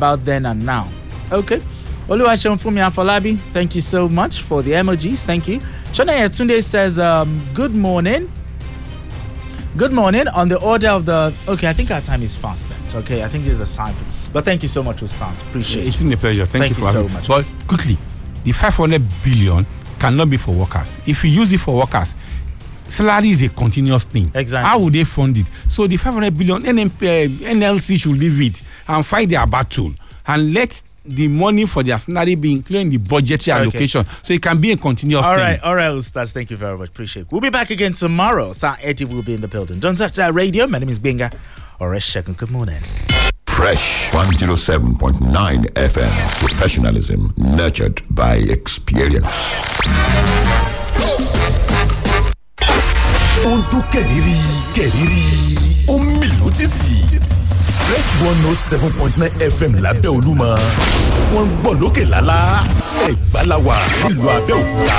about then and now. Okay. Oluwaseun Fumi Afolabi, thank you so much for the emojis. Thank you. Shona Yetunde says, um, good morning. Good morning. On the order of the okay, I think our time is fast spent. Okay, I think there's a time. For, but thank you so much, Ustans. Appreciate it. It's been a pleasure. Thank, thank you, you so me. much. But quickly, the 500 billion cannot be for workers. If you use it for workers, salary is a continuous thing. Exactly. How would they fund it? So the 500 billion NMP, eh, NLC should leave it and fight their battle and let the money for their salary be included in the budgetary okay. allocation. So it can be a continuous all thing. All right, all right, Ustaz. Thank you very much. Appreciate it. We'll be back again tomorrow. Sir Eddie will be in the building. Don't touch that radio. My name is Binga second Good morning. Fresh 107.9 FM. Professionalism nurtured by experience. ó ń dún kẹ̀rìírí kẹ̀rìírí ó ń mì lótìtì fresh one note oh seven point nine fm lábẹ́ olúmọ wọ́n ń gbọ́ lókè lálá ẹ̀gbá la wà nílùú abẹ́òkúta.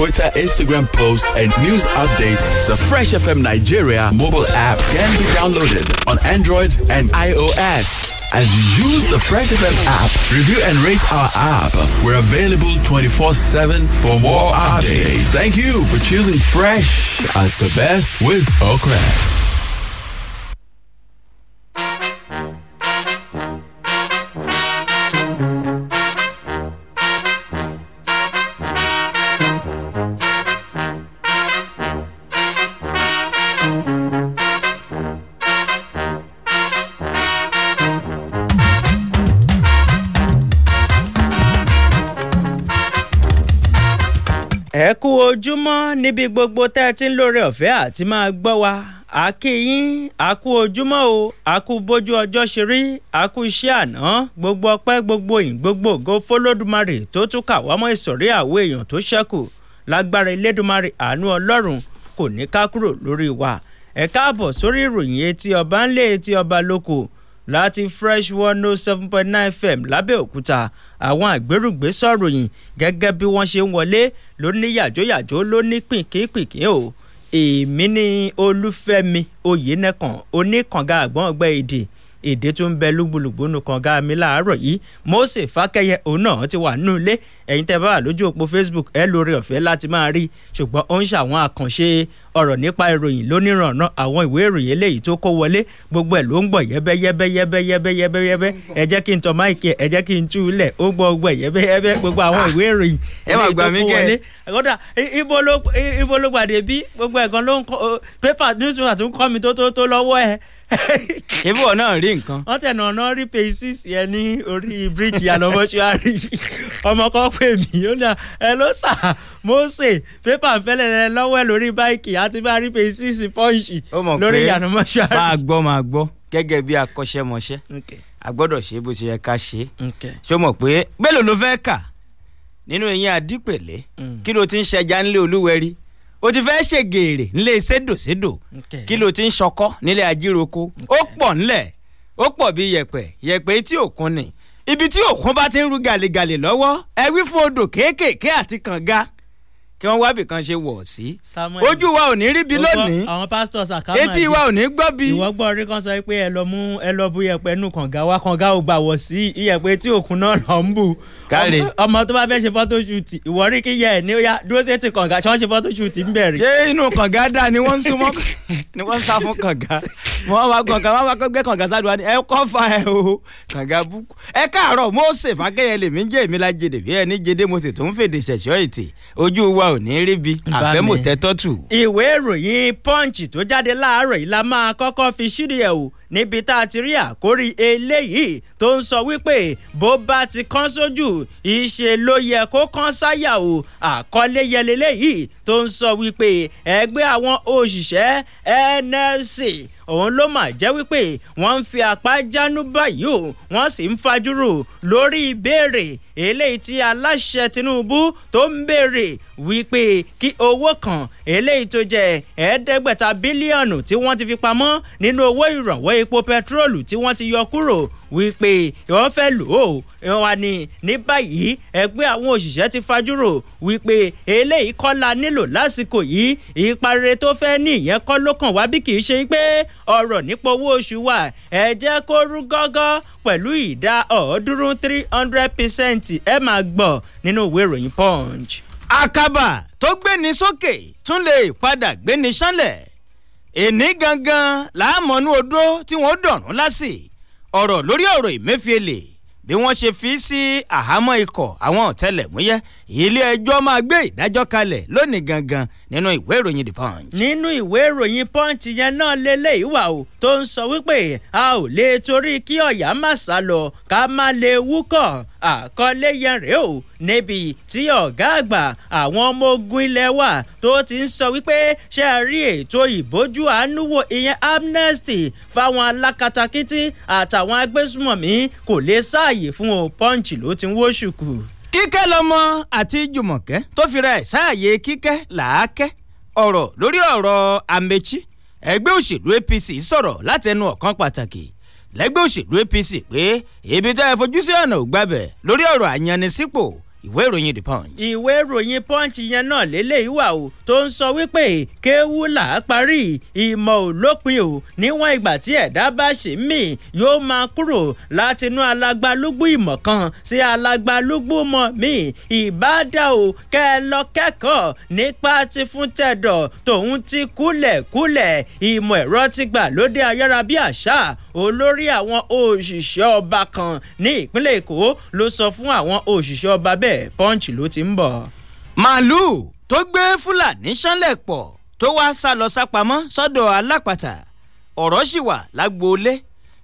Twitter, Instagram posts, and news updates, the Fresh FM Nigeria mobile app can be downloaded on Android and iOS. And use the Fresh FM app. Review and rate our app. We're available 24 7 for more updates. Thank you for choosing Fresh as the best with Oakrest. ojoojúmọ́ níbi gbogbo tá a ti ń lóore ọ̀fẹ́ àti máa gbọ́ wa àkíyín àkú ojúmọ́ o àkú bójú ọjọ́ ṣe rí àkú iṣẹ́ àná gbogbo ọpẹ́ gbogbo yìn gbogbo ògo fọlọ́dúnmarè tó tún kà wá mọ́ ìsọ̀rí àwọ̀ èèyàn tó ṣẹ́kù lágbára Elédùmarè àánú Ọlọ́run kò ní ká kúrò lórí wa ẹ káàbọ̀ sórí ìròyìn etí ọba ńlẹ̀ etí ọba lóko láti fresh one oh seven point nine fm lábẹ́òkúta àwọn àgbérùgbé sọ̀ròyìn gẹ́gẹ́ bí wọ́n ṣe ń wọlé ló ní yàjóyàjó ló ní pìnkínpìnkín o èmi ní olúfẹ́mi oyinẹ̀kan oníkànga àgbọ̀ngbẹ́ èdè èdè tó ń bẹ lúgbúlùgbónú kan gá mi láàárọ̀ yìí Mósè Fákẹ́yẹ òun náà ti wà nínú ilé ẹ̀yin tẹ́ bá wà lójú òpó Facebook ẹ lórí ọ̀fẹ́ láti máa rí ṣùgbọ́n ó ń ṣàwọn àkànṣe ọ̀rọ̀ nípa ìròyìn lónìrànà àwọn ìwé ìròyìn eléyìí tó kó wọlé gbogbo ẹ̀ ló ń gbọ̀ yẹ́bẹ́yẹ́bẹ́yẹ́bẹ́yẹ́bẹ́yẹ́bẹ́ ẹ jẹ́ kí n tọ́ máìkì ẹ jẹ́ kí n tú ilẹ̀ ó gbọ́ gbọ́ yẹ́bẹ́yẹ́bẹ́ gbogbo àwọn ìwé ìròyìn eléyìí tó kó wọlé kódà ibo ló gbàdé bí gbogbo ẹ̀gán ló ń kọ́ pépà newspaper tó ń kọ́ mi tó tó tó lọ́wọ́ ẹ̀ ìbò náà rí nǹkan. wọ́n tẹ̀nà ọ̀nà rí page six yẹn ní orí bíríìjì àlọ́mọ́ṣúárì ọmọ kan pè mí ó ní ẹ ló sà mọ́ọ̀sẹ̀ pépà fẹ́lẹ̀ rẹ lọ́wọ́ ẹ lórí báìkì àti bá rí page six pọ́ǹsì lórí àlọ́mọ́ṣúárì. máa gbọ́ máa gbọ́ gẹ́gẹ́ bí akọ́ṣẹ́mọṣẹ́ a gbọ́dọ̀ ṣe bó ṣe yẹ ká ṣe ṣó mọ̀ pé mélòó ló fẹ́ kà nínú eyín adípèlé hmm. kí ló ti ń ṣẹja ńlé olúwẹ̀rí o ti fẹ́ ṣègèrè nílé sédòsédò kí ló ti ń ṣọkọ́ nílé ajíroko ó pọ̀ nílẹ̀ ó pọ̀ bí yẹ̀pẹ̀ yẹ̀pẹ̀ tí òkun ni ibi tí òkun bá ti ń ru gàlégàlé lọ́wọ́ ẹ wí fún odò kéékèèké àti kànga kí wọ́n wábì kan ṣe wọ̀ sí. ojú wa ò ní ríbi lónìí. àwọn pastors àkàmà yìí etí wa ò ní gbọ́ bí. ìwọ gbọ́ orí kan sọ pé ẹ lọ mú ẹ lọ bu iyẹ̀pẹ̀ nù kànga wa kànga ò gbà wọ̀ sí iyẹ̀pẹ̀ tí òkun náà lọ ń bù. káre ọmọ tó bá fẹ́ ṣe photo shoot ìwọ rí kí yẹ ẹ ní ya dúró sí ti kànga ṣé wọ́n ṣe photo shoot ń bẹ̀rẹ̀. ṣé inú kànga dà ni wọ́n ń súnmọ́ ni wọ́n ń sá fún kànga wọ́n wá kànga wọ́n wá gbé kànga sádùá ni ẹ kọ́ fa ẹ o kànga buku. ẹ káàárọ̀ mo ṣèfàkẹ́yẹ lèmi ń jẹ́ èmi la jèdè bí ẹni jèdè mo sì tún fèdè ṣẹ̀ṣọ́ ètè ojú wa ò ní rí bi àfẹ́mọ̀tẹ́tọ́tù. ìwé ìròyìn punch tó jáde láàárọ̀ yìí la máa kọ́kọ́ fi ṣírí ẹ̀ o níbi tá a ti rí àkórí eléyìí tó ń sọ wípé bó bá ti kán sójú ìṣe ló yẹ kó kán sáyà o àkọlé yẹlẹlẹ yìí tó ń sọ wípé ẹgbẹ́ àwọn òṣìṣẹ́ nlc òun ló mà jẹ́ wípé wọ́n ń fi apá jánu báyìí o wọ́n sì ń fajúrò lórí ìbéèrè eléyìí tí aláṣẹ tinubu tó ń béèrè wípé kí owó kan eléyìí tó jẹ́ ẹ̀ẹ́dẹ́gbẹ̀ta bílíọ̀nù tí wọ́n ti fi pamọ́ nínú owó ìrànwọ́ epo pẹtiróòlù tí wọ́n ti yọ kúrò wípé wọ́n fẹ́ lò ó wà ní ní báyìí ẹgbẹ́ àwọn òṣìṣẹ́ ti fajúrò wípé eléyìí kọ́ la nílò lásìkò yìí ìparẹ́ tó fẹ́ ní ìyẹn kọ́ ló kàn wá bí kì í ṣe pé ọ̀rọ̀ nípa owó oṣù wa ẹ jẹ́ kó rú gọ́gọ́ pẹ̀lú ìdá ọ̀ọ́dúnrún three hundred percent ẹ máa gbọ́ nínú ìwé ìròyìn punch. akaba tó gbéni sókè tún lè padà gbéni sánlẹ̀ èní gangan láàmọ́nú odó tí wọ́n dọ̀rùn lásì ọ̀rọ̀ lórí ọ̀rọ̀ ìmẹ́fìlè bí wọ́n ṣe fi sí àhámọ́ ikọ̀ àwọn ọ̀tẹlẹ̀múyẹ́ ilé ẹjọ́ máa gbé ìdájọ́ kalẹ̀ lónìí gangan nínú ìwé ìròyìn the punch. nínú ìwé ìròyìn punch yẹn náà lélẹ́yìí wà o tó ń sọ wípé a ò lè torí kí ọ̀yà má sá lọ ká má lè wúkọ̀ àkọlé yẹn rèé o níbi tí ọ̀gá àgbà àwọn ọmọ ogun ilé wa tó ti ń sọ wípé ṣe é rí ètò ìbójú àánú wò ìyẹn amnesty fáwọn alákatakítí àtàwọn agbésùmọ̀mí kò lè sáàyè fún o punch ló ti ń wó ṣùkù. kíkẹ́ lọ́mọ àti jùmọ̀kẹ́ tó fira ẹ̀ sáàyè kíkẹ́ làákẹ́ ọ̀rọ̀ lórí ọ̀rọ̀ àmẹ́chí ẹgbẹ́ òṣèlú apc sọ̀rọ̀ látẹnu ọ̀kan pàtàkì lẹ́gbẹ́ òṣèlú apc pé ibi tẹ́ ẹ fojú sí ọ̀nà ògbàbẹ̀ lórí ọ̀rọ̀ àyànnisípò ìwé ìròyìn the punch. ìwé ìròyìn punch yẹn náà lélẹ́yìí wà o tó ń sọ wípé kéwú là á parí ìmọ̀ ò lópin o níwọ̀n ìgbà tí ẹ̀dá bá ṣì mí yóò máa kúrò látinú alágbálúgbú ìmọ̀ kan sí alágbálúgbú mọ̀ mí ìbádà o kẹ́ ẹ lọ kẹ́kọ̀ọ́ nípa ti fún tẹ̀dọ̀ tòun ti kúlẹ̀kúlẹ̀ ìmọ̀ ẹ̀rọ ti gbà lóde ayárabíàṣá olórí àwọn òṣìṣẹ́ ọba kan ní ìpínlẹ̀ èkó ló sọ fún àwọn òṣìṣẹ́ ọba bẹ́ẹ̀ bẹ́ẹ̀ pọ́ǹchì ló ti ń bọ̀. màálùú tó gbé fúlàní ṣánlẹ̀ pọ̀ tó wá sá lọ sápamọ́ sọ́dọ̀ alápàtà ọ̀rọ̀ sì wà lágboolé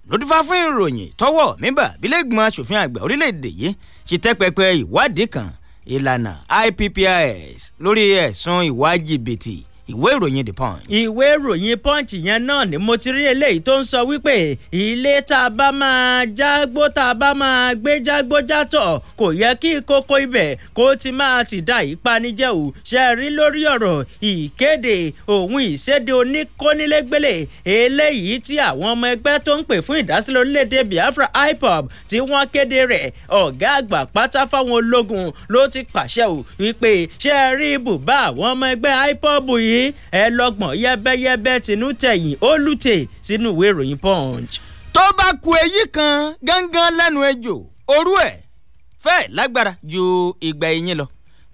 lódúfà fún ìròyìn tọwọ́ mímbà bílẹ̀gbọ̀n asòfin àgbà orílẹ̀-èdè yìí ti tẹ́ pẹpẹ ìwádìí kan ìlànà IPPIS lórí ẹ̀sùn ìwà jìbìtì ìwé ìròyìn the punch. ìwé ìròyìn punch yẹn náà ni mo ti rí eléyìí tó ń sọ wípé ilé tá a bá máa jágbó tá a bá máa gbé jágbó játọ̀ kò yẹ kí kókó ibẹ̀ kó ti máa ti da ìpanijẹ́ ò ṣe rí lórí ọ̀rọ̀ ìkéde òun ìséde oníkónílégbélé eléyìí tí àwọn ọmọ ẹgbẹ́ tó ń pè fún ìdásílẹ̀ orílẹ̀-èdè Biafra IPOB tí wọ́n kéde rẹ̀ ọ̀gá àgbà pátá fáwọn ológun ló ti pàṣẹ ò wípé ṣe rí ibùbá àwọn ọmọ ẹgbẹ́ IPOB yìí dín ẹlọ́gbọ̀n yẹ́bẹ́yẹ́bẹ́ tinú tẹ̀yìn ó lùtẹ̀ sínú ìwé ìròyìn punch. tó bá ku èyí kan gángan lẹ́nu ejò orú ẹ̀ fẹ́ẹ̀ lágbára ju ìgbà ẹ̀yìn lọ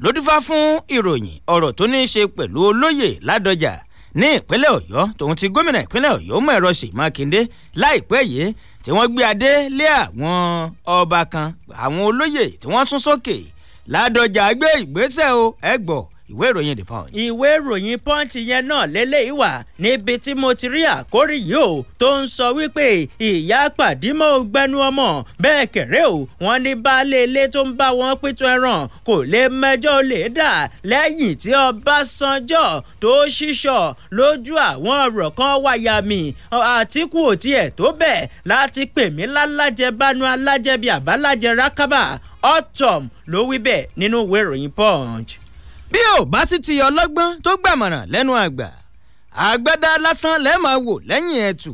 lódìfá fún ìròyìn ọ̀rọ̀ tó ní í ṣe pẹ̀lú olóyè ládọjà ní ìpínlẹ̀ ọ̀yọ́ tòun ti gómìnà ìpínlẹ̀ ọ̀yọ́ mọ̀ ẹ̀rọ ṣèyí mákindé láìpẹ́ yìí tí wọ́n gbé adé lé àwọn ọba kan àwọn olóyè tí wọ́n sún sókè ládọjà gbé ìgbésẹ̀ o ẹ ìwé ìròyìn the punch. ìwé ìròyìn punch yẹn náà lélẹ́yìí wà níbi tí mo ti rí àkórí yìí o tó ń sọ wípé ìyá pàdímọ̀ gbẹnu ọmọ bẹ́ẹ̀ kẹ̀rẹ́ o wọ́n ní baálé ilé tó ń bá wọn pító ẹran kò lè mẹjọ́ lè dà lẹ́yìn tí ọbásanjọ́ tó ṣíṣọ lójú àwọn ọ̀rọ̀ kan wáyà mi àtìkù ò tiẹ̀ tó bẹ́ẹ̀ láti pè mí lálájẹ alájẹbí àbálájẹ rákábà autumn ló wí bẹ́ẹ̀ nínú ìwé ìròyìn punch bí ò bá sì ti ọlọ́gbọ́n tó gbàmọ̀ràn lẹ́nu àgbà àgbàdá lásán lẹ́ẹ̀mà wò lẹ́yìn ẹ̀tù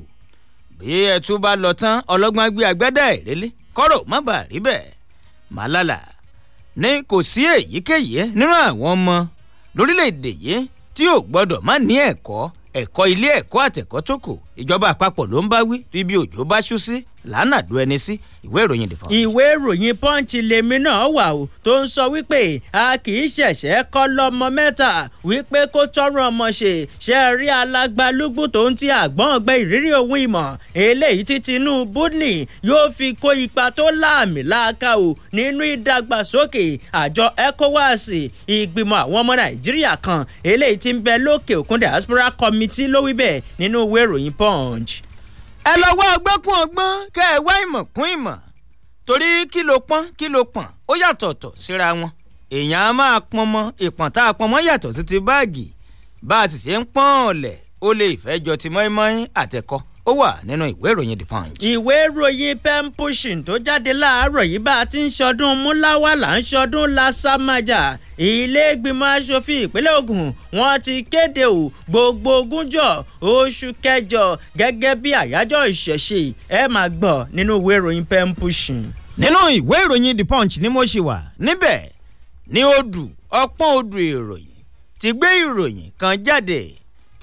bí ẹ̀tù bá lọ tán ọlọ́gbọ́n gbé àgbàdá ẹ̀ lélé kọ́rọ̀ má bàa rí bẹ́ẹ̀ màlálà ní kò sí èyíkéyìí nínú àwọn ọmọ lórílẹ̀‐èdè yìí tí ò gbọ́dọ̀ má ní ẹ̀kọ́ ẹ̀kọ́ ilé ẹ̀kọ́ àtẹ̀kọ́ tó kù ìjọba àpapọ̀ ló ń bá wí ibi òjò bá ṣú sí lánàdó ẹni sí ìwé ìròyìn the punch. ìwé ìròyìn punch lèmi náà wà ó tó ń sọ wípé a kì í ṣẹ̀ṣẹ̀ kọ́ lọ́mọ mẹ́ta wípé kó tọrọ ọmọ ṣe ṣe rí alágbálúgbù tó ń ti àgbọ̀n ọgbẹ́ ìrírí ohun ìmọ̀ eléyìí tí Tinubu ní yóò fi kó ipa tó láàmì láàka o nínú ìdàgbàsókè àjọ ECOWAS ìgbìmọ̀ àwọn ọmọ Nàìjíríà kan eléyìí tí ń bẹ lókè òkun diaspora committee ló wí bẹ́ẹ̀ nínú ìwé ìròyìn sponge. ẹ lọ wá ọgbẹ́ kún ọgbọ́n kẹ́ ẹ wá ìmọ̀ kún ìmọ̀ torí kí ló pọ́n kí ló pọ́n ó yàtọ̀tọ̀ síra wọn èèyàn á máa pọn mọ ìpọ̀n tá a pọn mọ́ yàtọ̀ sí ti báàgì bá a ti ṣe ń pọ́n ọ̀lẹ̀ ó lè ìfẹ́ jọ ti mọ́ínmọ́ín àtẹ̀kọ́ ó wà nínú ìwé ìròyìn the punch. ìwé ìròyìn pen pushing tó jáde láàárọ̀ yìí bá a ti ń ṣọdún múláwá là ń ṣọdún lásàmájà ilé ìgbìmọ̀ asòfin ìpínlẹ̀ Ògùn wọn ti kéde ò gbogbo ogúnjọ́ oṣù kẹjọ gẹ́gẹ́ bí àyájọ́ ìṣẹ̀ṣe ẹ máa gbọ́ nínú ìwé ìròyìn pen pushing. nínú ìwé ìròyìn the punch ni mo ṣì wà níbẹ̀ ni odù ọpọ́n odù ìròyìn ti gbé ìròyìn kan jáde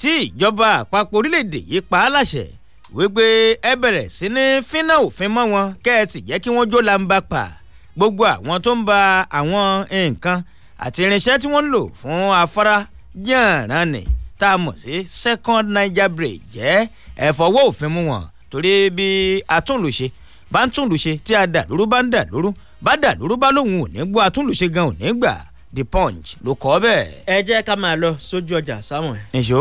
tí ìjọba àpapọ̀ orílẹ̀-èdè yìí pa á láṣẹ wípé ẹ bẹ̀rẹ̀ sí ní fínà òfin mọ́ wọn kẹ́ ẹ sì jẹ́ kí wọ́n jó lamba pa gbogbo àwọn tó ń ba àwọn nǹkan àti irinṣẹ́ tí wọ́n ń lò fún afárá jẹ̀ǹran ni tá a mọ̀ sí second niger bridge jẹ́ ẹ fọwọ́ òfin mú wọn torí bí atúnlùṣe bá ń túnlùṣe tí a dà lóru bá ń dà lóru bá dà lóru bá lòun ò ní gbọ́ atúnlùṣe gan ò ní gbà the punch ló kọ́ bẹ́ẹ̀. ẹ jẹ́ ká máa lọ sójú ọjà sáwọn. nìṣó.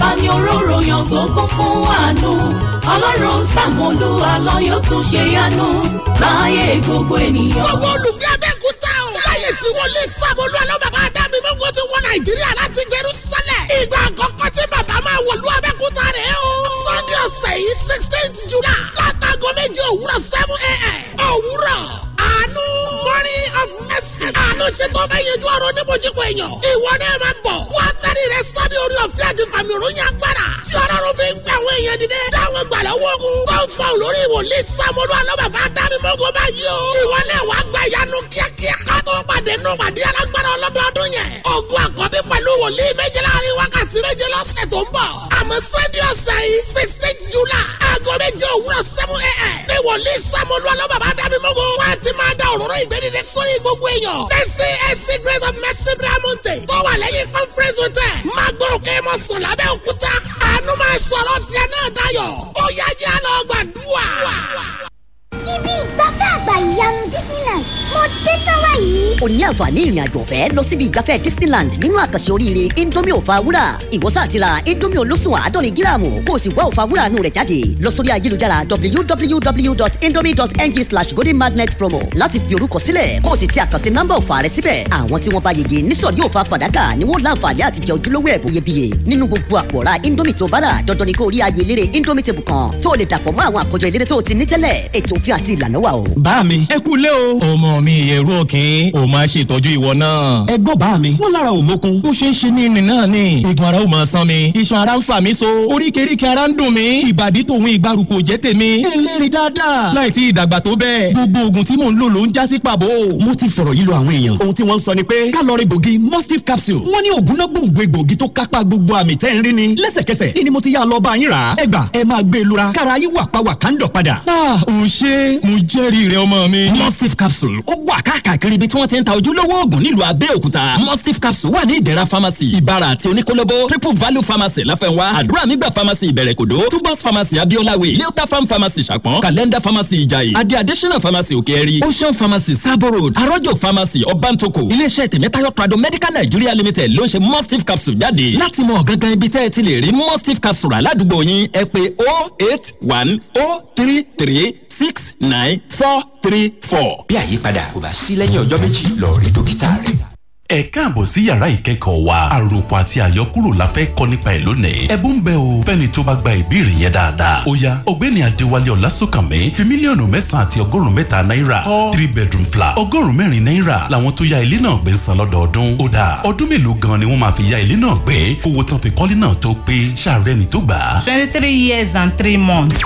ta ni òróró yan tó kún fún àánú ọlọ́run ṣàmúlò àlọ́ yóò tún ṣe yánú láyé gbogbo ènìyàn. gbogbo olùgbé abẹ́kúta o. láyé tí wọ́n lè ṣàmúlò àlọ́ bàbá adámi mọ́kàn tí wọ́n nàìjíríà láti Jerúsálẹ̀. dìde. táwọn gbàlẹ̀ wọ́gun. tó ń fọ olórí wòlíì sàmúlò alábàbà dánímọ́gò bá yí o. ìwọ náà wàá gba ìyanu kíákíá. ká tó pàdé nù pàdé alágbára ọlọ́dọọdún yẹn. ogun àkọ́bí pẹ̀lú wòlíì méje láàrin wákàtí méje lọ́sẹ̀ tó ń bọ̀. àmọ́ sunday ọ̀sẹ̀ yìí sixteen july. aago méje òwúrọ̀ seven a.m. ní sàmúlò alábàbà dánímọ́gò. wọ́n ti máa da òróró ìgbẹ́dìde sórí gbogbo lábẹ́ òkúta máa sọ̀rọ̀ tiẹ̀ náà dayọ̀ ó yá jẹ́ àlọ́ gbàdúrà. ibi ìgbafẹ́ àgbà ìyanu Disneyland mo dé tọ́wá yìí. o ní àǹfààní ìrìn ọ̀fẹ́ lọ síbi ìgbafẹ́ Disneyland nínú àkànṣe oríire indomie òfa wúrà ìwọ́sà àti ra indomie olóṣùn àádọ́rin gíráàmù kó o sì wá òfa wúrà nù rẹ̀ jáde lọ sórí ayélujára www.indomie.ng/goldenmagnetpromo láti fi orúkọ sílẹ̀ kó o sì ti àkànṣe nọ́mbà òfa rẹ̀ síbẹ̀ àwọn tí wọ́n bá yege nísọ̀rí òfa fàdákà ni wọ́n láǹfààní àti jẹ ojúlówó ẹ̀bùn iyebíye ni kó o rí ayò eléré indomie table kan tó o lè dàpọ̀ mọ́ àwọn àkójọ eléré tó o ti ní tẹ́lẹ̀ ètò òfin àti ìlànà wà ọmọ ìyẹ̀rú òkín ò máa ṣètọ́jú ìwọ náà. ẹ gbọ́ bá mi wọ́n lára ò mókun ṣe ń ṣe ní ìrìn náà ni. igun ara ò máa san mi iṣan ara ń fà mí so oríkèéríkèé ara ń dùn mí ìbàdí tòun ìgbàrúkọ jẹ́ tèmi. eléèrè dáadáa láì tí ìdàgbà tó bẹ́ẹ̀ gbogbo oògùn tí mò ń lò ló ń já sí pàbó. mo ti fọ̀rọ̀ yí lọ àwọn èèyàn ohun tí wọ́n ń sọ ni pé kálọ̀rì gògì mustif capsule wọ́n ní e ah, capsule ó wà káàkiri ibi tí wọ́n ti ń ta ojúlówó oògùn nílùú Abẹ́òkúta mustif capsule wà ní ìdẹ̀ra pharmacy ìbàrà àti oníkólóbó triple value pharmacy láfẹ́nwá àdúrà mígbà pharmacy ìbẹ̀rẹ̀kòdó tubos pharmacy abiolawe leota farm pharmacy ṣàpọ̀n calendar pharmacy ìjàyè adi additional pharmacy òkèèrè ocean pharmacy sabo road arọ́jọ pharmacy ọbántoko iléeṣẹ́ tèmítáyọ̀ trado medical nigeria limited ló ń ṣe mustif capsule jáde láti mọ gangan ibi tẹ́ ẹ ti lè rí mustif capsule aládùúgbò yín ẹ pé 08103 three six nine four three four. bí àyípadà kò bá sí lẹ́yìn ọjọ́ méjì lọ rí dókítà rẹ̀ ẹ káàbọ̀ sí yàrá ìkẹ́kọ̀ọ́ wa àròpọ̀ àti àyọkúrò la fẹ́ kọ́ nípa ẹ̀ lónìí ẹ̀bùn bẹ o fẹ́ni tó bá gba ìbéèrè yẹn dáadáa ó yá ọ̀gbẹ́ni adéwálé ọlásùnkànmí fi mílíọ̀nù mẹ́sàn-án àti ọgọ́rùn-ún mẹ́ta náírà kọ́ three bedroom flat ọgọ́rùn-ún mẹ́rin náírà làwọn tó ya ilé náà gbé ń san lọ́dọọdún ó dà ọdún mélòó gan ni wọ́n máa fi ya ilé náà gbé kówó tán fi kọ́lé náà tó pé ṣàárẹ̀ ni tó gbà twenty three years and three months.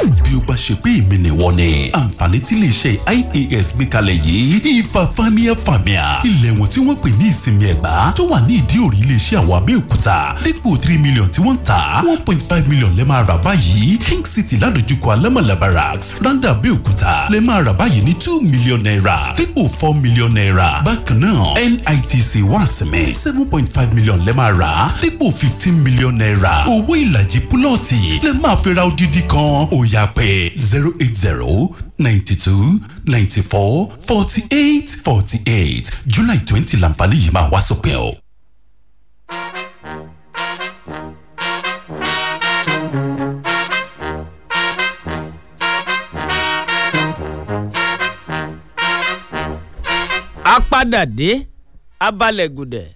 bí ìyẹn ẹ̀gbá tó wà ní ìdí òrí iléeṣẹ́ àwọn Abẹ́òkúta dípò three million tí wọ́n ń one point five million lẹ́ máa rà báyìí King City ládojúkọ Alámọ̀lá barracks Randa Abẹ́òkúta lẹ́ máa rà báyìí ní two million naira dípò four million naira bákan náà NITC wà sẹ́mi seven point five million lẹ́ máa rà dípò fifteen million naira owó ìlàjì púlọ̀tì lẹ́ máa fi ra odidi kan ó yá zero eight zero 92 94 48 48 July 20 làǹfààní yìí máa wá sópin o. a padà dé abalẹ̀ gùdẹ̀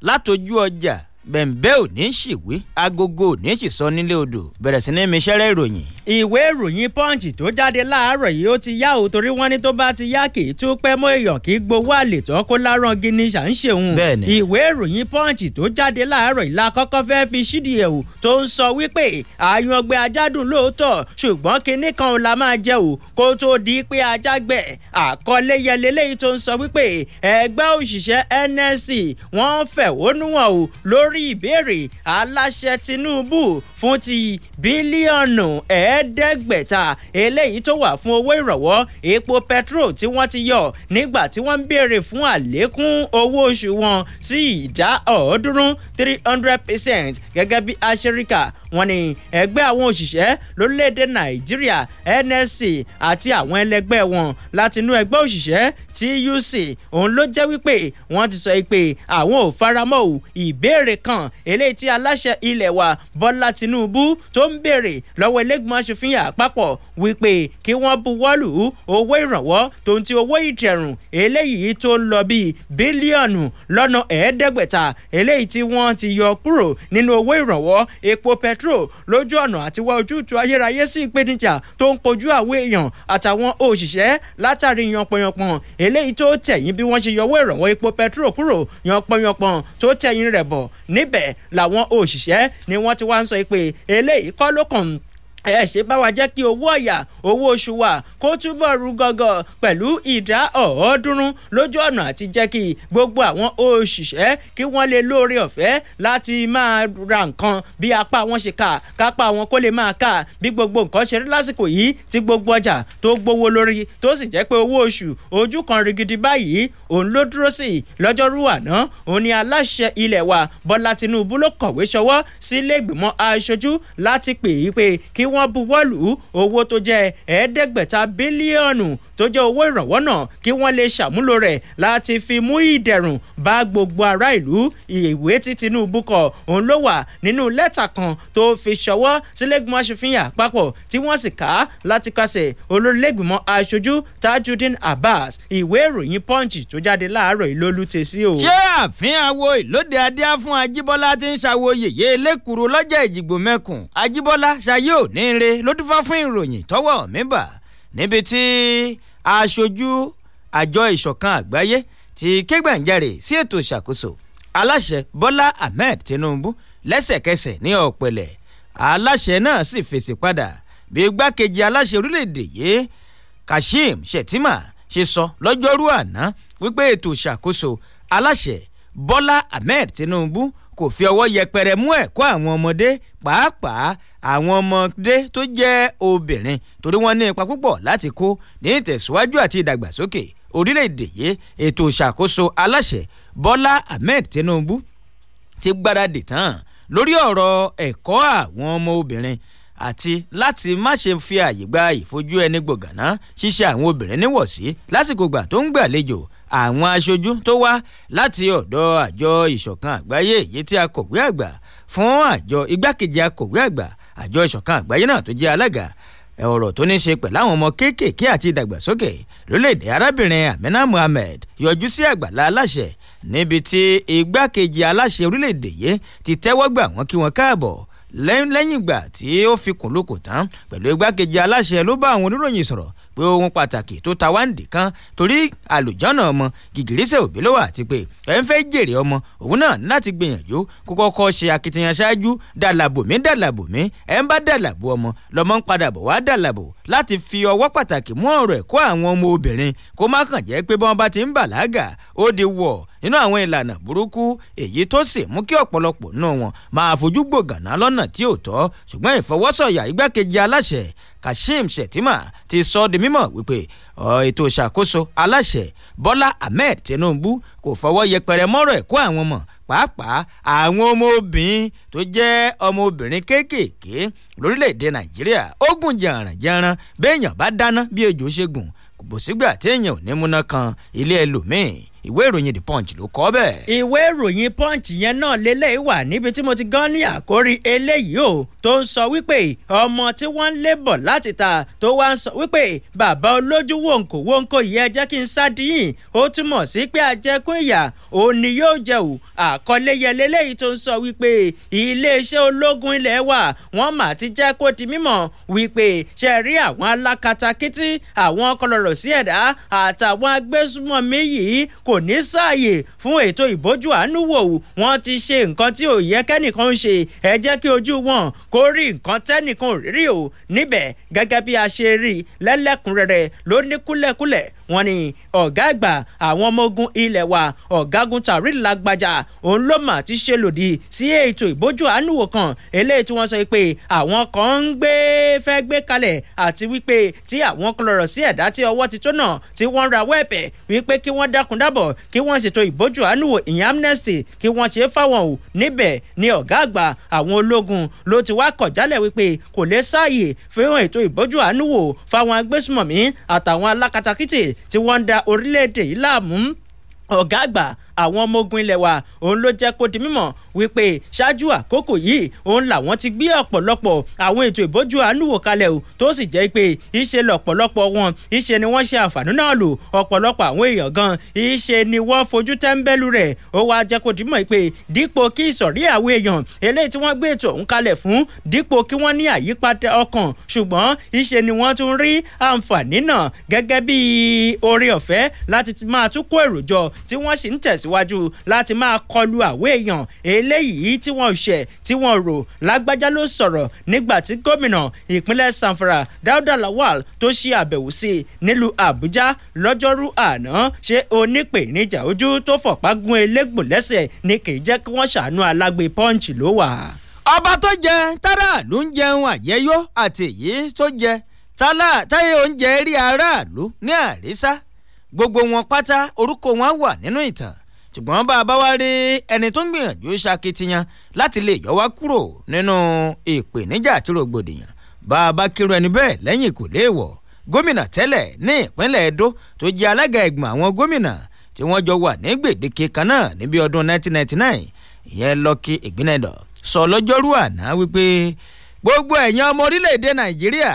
látojú ọjà bẹ̀ǹbẹ́ ò ní ṣìwé agogo ò ní ṣìsọ nílé odò bẹ̀rẹ̀ sí ní miṣẹ́rẹ́ ìròyìn. ìwé ìròyìn punch tó jáde láàárọ̀ yìí ó ti yá o torí wọ́n ní tó bá ti yá kì í tún pẹ́ mọ́ èèyàn kì í gbowó àlè tó kó láràn gini ṣà ń ṣeun. bẹ́ẹ̀ni ìwé ìròyìn punch tó jáde láàárọ̀ yìí la kọ́kọ́ fẹ́ fi ṣídì ẹ̀wò tó ń sọ wípé àyàngbẹ ajádùn lóòótọ́ ṣùgbọ́n kinní kan di pé ajá gbẹ àkọlé yẹlẹ́lẹ́yìí tó ń sọ wípé ẹgbẹ́ òṣìṣẹ́ nsc wọ́n fẹ̀hónú wọn o lórí lórí ìbéèrè aláṣẹ Tinubu fún ti bílíọ̀nù ẹ̀ẹ́dẹ́gbẹ̀ta eléyìí tó wà fún owó ìrànwọ́ epo petrol tí wọ́n ti yọ nígbà tí wọ́n ń béèrè fún àlékún owó oṣù wọn sí ìdá ọ̀ọ́dúnrún three hundred percent gẹ́gẹ́ bí aṣeríkà wọ́n ní ẹgbẹ́ àwọn òṣìṣẹ́ lórílẹ̀‐èdè nàìjíríà nsc àti àwọn ẹlẹgbẹ́ wọn látinú ẹgbẹ́ òṣìṣẹ́ tuc òun ló jẹ́ wípé wọ́n ti sọ pé àwọn ò faramọ́ ìbéèrè kan eléyìí tí aláṣẹ ilẹ̀ wa bọ́lá tinubu tó ń béèrè lọ́wọ́ ẹlẹ́gbọ̀n aṣòfin àpapọ̀ wípé kí wọ́n buwọ́lù owó ìrànwọ́ tòun ti owó ìjẹ̀rùn eléyìí tó lọ bíi bílíọ̀nù lọ́nà ẹ̀ẹ́dẹ́gbẹ̀ta eléyìí tí wọ́n ti yọ kúrò nínú owó ìrànwọ́ epo petro lójú ọ̀nà àti ojútùú ayérayé sí ìpèníjà tó ń kojú àwọn èèyàn àtàwọn òṣìṣẹ́ látàrí yanpọ̀yanpọ̀n eléyìí tó tẹ̀yìn bí wọ́n ṣe yọwọ́ ìrànwọ́ epo petro kúrò yanpọ̀yanpọ̀n tó tẹ̀yìn níbẹ̀ làwọn òṣìṣẹ́ ni wọ́n ti wá ń sọ pé eléyìí kọ́ ló kàn ẹ ṣe bá wa jẹ́ kí owó ọ̀yà owó oṣù wa kó túbọ̀ ru gọ́gọ́ pẹ̀lú ìdá ọ̀ọ́dúnrún lójú ọ̀nà àti jẹ́ kí gbogbo àwọn òṣìṣẹ́ kí wọ́n lè lóore ọ̀fẹ́ láti máa ra nǹkan bí apá wọn ṣe kà kápá wọn kó lè máa kà bí gbogbo nǹkan ṣe rí lásìkò yìí tí gbogbo ọjà tó gbówó lórí tó sì jẹ́ pé owó oṣù ojú kan rigidi báyìí òun ló dúró sí lọ́jọ́rú àná òun ni wọ́n buwọ́lù owó tó jẹ́ ẹ̀ẹ́dẹ́gbẹ̀ta bílíọ̀nù tó jẹ́ owó ìrànwọ́ náà kí wọ́n lè ṣàmúlò rẹ̀ láti fi mú ìdẹ̀rùn bá gbogbo ará ìlú ìwé tí Tinubu kọ òun ló wà nínú lẹ́tà kan tó fi ṣọwọ́ sílẹ̀gbọ́n aṣòfin àpapọ̀ tí wọ́n sì kà á láti kàṣẹ olórílẹ̀gbìmọ̀ aṣojú Tajudeen Abbas ìwé ìròyìn Punch tó jáde láàárọ̀ yìí ló lù tẹ̀ sí o. ṣé àfihàn wo ìlóde adé fún Ajíbọ́lá ti ń ṣàwo yèyé elékùrú lọ́jà ìjìgbò mẹ́kùn Ajíbọ́lá ṣayé òní ire ló dúfá fún ìròyìn tọ́wọ́ mi níbi tí aṣojú àjọ ìṣọ̀kan àgbáyé ti ké gbàǹjarè sí ètò ìṣàkóso aláṣẹ bọ́lá ahmed tinubu lẹ́sẹ̀kẹsẹ̀ ní ọ̀pẹ̀lẹ̀ aláṣẹ náà sì fèsì padà bí igbákejì aláṣẹ orílẹ̀-èdè yìí kashim shettima ṣe sọ lọ́jọ́rú àná wípé ètò ìṣàkóso aláṣẹ bọ́lá ahmed tinubu kò fi ọwọ́ yẹpẹrẹ mú ẹ̀kọ́ àwọn ọmọdé pàápàá àwọn ọmọdé tó jẹ́ obìnrin torí wọ́n ní ipa púpọ̀ láti kó ní ìtẹ̀síwájú àti ìdàgbàsókè orílẹ̀-èdè yìí ètò ìṣàkóso aláṣẹ Bọ́lá Ahmed Tinubu ti gbáradì tán lórí ọ̀rọ̀ ẹ̀kọ́ àwọn ọmọ obìnrin àti láti má ṣe fi àyè gba ìfojú ẹni gbọ̀gànná ṣíṣe àwọn obìnrin níwọ̀sí lásìkò gbà tó ń gbàlejò àwọn aṣojú tó wá láti ọ̀dọ̀ àjọ ìṣọ̀kan àgbáyé èyí tí akọ̀wé àgbà fún àjọ igbákejì akọ̀wé àgbà àjọ ìṣọ̀kan àgbáyé náà tó jẹ́ alága ọ̀rọ̀ tó ní í ṣe pẹ̀lú àwọn ọmọ kéékèèké àti ìdàgbàsókè lórílẹ̀‐èdè arábìnrin Amina Mohammed yọjú sí àgbàlá aláṣẹ níbi tí igbákejì aláṣẹ orílẹ̀‐èdè yìí ti tẹ́wọ́ gbà wọ́n kí wọ́n káàbọ̀ lẹ́yìn ìgbà tí ó fi kùn lóko tán pẹ̀lú igbákejì aláṣẹ ló bá àwọn oníròyìn sọ̀rọ̀ pé ohun pàtàkì tó ta wáǹdì kan torí àlùjọ́nà ọmọ gìgìrísẹ̀ òbí ló wà ti pé ẹ̀ ń fẹ́ jèrè ọmọ òun náà láti gbìyànjú kó kọ́kọ́ ṣe akitiyan ṣáájú dàlàbò mi dàlàbò mi ẹ̀ ń bá dàlàbò ọmọ lọ́mọ ń padà bọ̀ wá dàlàbò láti fi ọwọ́ pàtàkì mú ọ̀rọ̀ ẹ̀kọ́ àwọn ọmọ obìnrin kó má kàn jẹ́ pé bí wọ́n bá ti ń bàlágà ó di wọ̀ nínú àwọn ìlànà burúkú èyí tó sì mú kí ọ̀pọ̀lọpọ̀ nù wọn máa fojú gbògànà lọ́nà tí ò tọ́ ṣùgbọ́n ìfọwọ́sọ̀yà igbákejì aláṣẹ Kashim Shettima ti sọ ọ́ di mímọ̀ wípé ètò ìṣàkóso aláṣẹ Bọ́lá Ahmed Tinubu kò fọwọ́ yẹpẹrẹ mọ́rọ̀ ẹ̀kọ́ àwọn ọmọ pàápàá àwọn ọmọ obìnrin tó jẹ́ ọmọ obìnrin kéékèèké lórílẹ̀‐èdè nàìjíríà ó gùn jàǹràǹjàǹràn béèyàn bá dáná bí ejò ṣe gùn kò sígbà téèyàn ò ní múná kan ilé ẹlòmíì ìwé ìròyìn the punch ló kọ bẹ́ẹ̀. ìwé ìròyìn punch yẹn náà lélẹ́yìí wà níbi tí mo ti gan ní àkórí eléyìí o tó ń sọ wípé ọmọ tí wọ́n ń lé bọ̀ láti ta tó wá ń sọ wípé bàbá olójú wòǹkò wòǹkò yìí ẹ jẹ́ kí n sádìyìn ó túmọ̀ sí pé àjẹkún ìyà òun ni yóò jẹ ò àkọlé yẹn lélẹ́yìí tó ń sọ wípé iléeṣẹ́ ológun ilẹ̀ wa wọ́n mà ti jẹ́ kó di mímọ̀ wípé ṣe rí àwọn alákatakítí àwọn kọlọ̀rọ̀ sí ẹ̀dá àtàwọn agbésùmọ̀mí yìí kò kò ní sáàyè fún ètò ìbójú àánú wò wọ́n ti ṣe nǹkan tí ò yẹ kẹ́nìkan ṣe ẹ jẹ́ kí ojú wọn kó rí nǹkan tẹ́nìkan rí o níbẹ̀ gẹ́gẹ́ bí a ṣe rí lẹ́lẹ́kùnrẹ́rẹ́ lóníkúlẹ̀kúlẹ̀ wọ́n ní ọ̀gá àgbà àwọn ọmọ ogun ilẹ̀ wa ọ̀gágun Tarid Lagbaja òun ló mà ti ṣe lòdì sí ètò ìbójú àánúwò kan eléyìí tí wọ́n sọ pé àwọn kan ń gbé fẹ́ gbé kalẹ̀ àti wípé tí àwọn kan lọ̀rọ̀ sí ẹ̀dá tí ọwọ́ ti tó náà tí wọ́n ra wẹ́ẹ̀pẹ̀ wípé kí wọ́n dákun dábọ̀ kí wọ́n ṣètò ìbójú àánúwò ìyẹn amnesty kí wọ́n ṣe é fáwọn o níbẹ̀ ni ọ̀gá àgbà àwọn ológun ló ti wá kọ̀ jálẹ̀ wípé kò lè sáàyè fihàn ètò ìbójú àánúwò fáwọn agbésùmọ̀mí àtàwọn alákatakítì tí wọ́n ń da orílẹ̀-èdè yìí láàmú ọ̀gá àgbà àwọn ọmọ ogun ilẹ̀ wa òun ló jẹ́ kó di mímọ̀ wípé ṣáájú àkókò yìí òun làwọn ti gbé ọ̀pọ̀lọpọ̀ àwọn ètò ìbójú àánú wò kalẹ̀ o tó sì jẹ́ pé ìṣe lọ̀pọ̀lọpọ̀ wọn ìṣe ni wọ́n ṣe àǹfààní náà lò ọ̀pọ̀lọpọ̀ àwọn èèyàn gan ìṣe ni wọ́n fojú tẹ́ńbẹ́lú rẹ̀ ó wá jẹ́ kó di mímọ̀ pé dípò kí ìsọ̀rí àwọn èèyàn eléyìí tí wọ́n gbé ètò òun kalẹ̀ fún dípò kí wọ́n ní àyípadà ọkàn ṣùgbọ́n ìṣe ni wọ́n tún rí àǹfààní náà gẹ́gẹ́ bí oore ọ̀fẹ́ láti máa tún kó èrò tí wọ́n sì ń tẹ̀s tẹ̀síwájú láti máa kọlu àwọ̀ èèyàn eléyìí tí wọ́n ṣẹ̀ tí wọ́n rò lágbájá ló sọ̀rọ̀ nígbà tí gómìnà ìpínlẹ̀ sanfara Dáúdà Lawal tó ṣe àbẹ̀wò sí i nílùú Àbújá lọ́jọ́rú àná ṣe onípèníjà ojú tó fọ̀pá gún elégbò lẹ́sẹ̀ ni kì í jẹ́ kí wọ́n ṣàánú alágbe pọ́ǹchì ló wà. ọba tó jẹ táràlú ń jẹun àjẹyó àti èyí tó jẹ táyé oúnjẹ rí aráàlú ní àrísá gbogbo wọn pátá orúkọ wọn wà nínú ìtàn ṣùgbọ́n bá a bá wá rí ẹni tó ń gbìyànjú ṣakitiyan láti lè yọ wá kúrò nínú ìpèníjà àti rògbòdìyàn bá a bá kírun ẹni bẹ́ẹ̀ lẹ́yìn kò léèwọ̀ gómìnà tẹ́lẹ̀ ní ìpínlẹ̀ Ẹdó tó jẹ́ alága ìgbìmọ̀ àwọn gómìnà tí wọ́n jọ wà ní gbèdéke kan náà níbi ọdún 1999 ìyẹn Lucky Igbeneghu sọ lọ́jọ́rú àná wípé gbogbo ẹ̀yin ọmọ orílẹ̀-èdè Nàìjíríà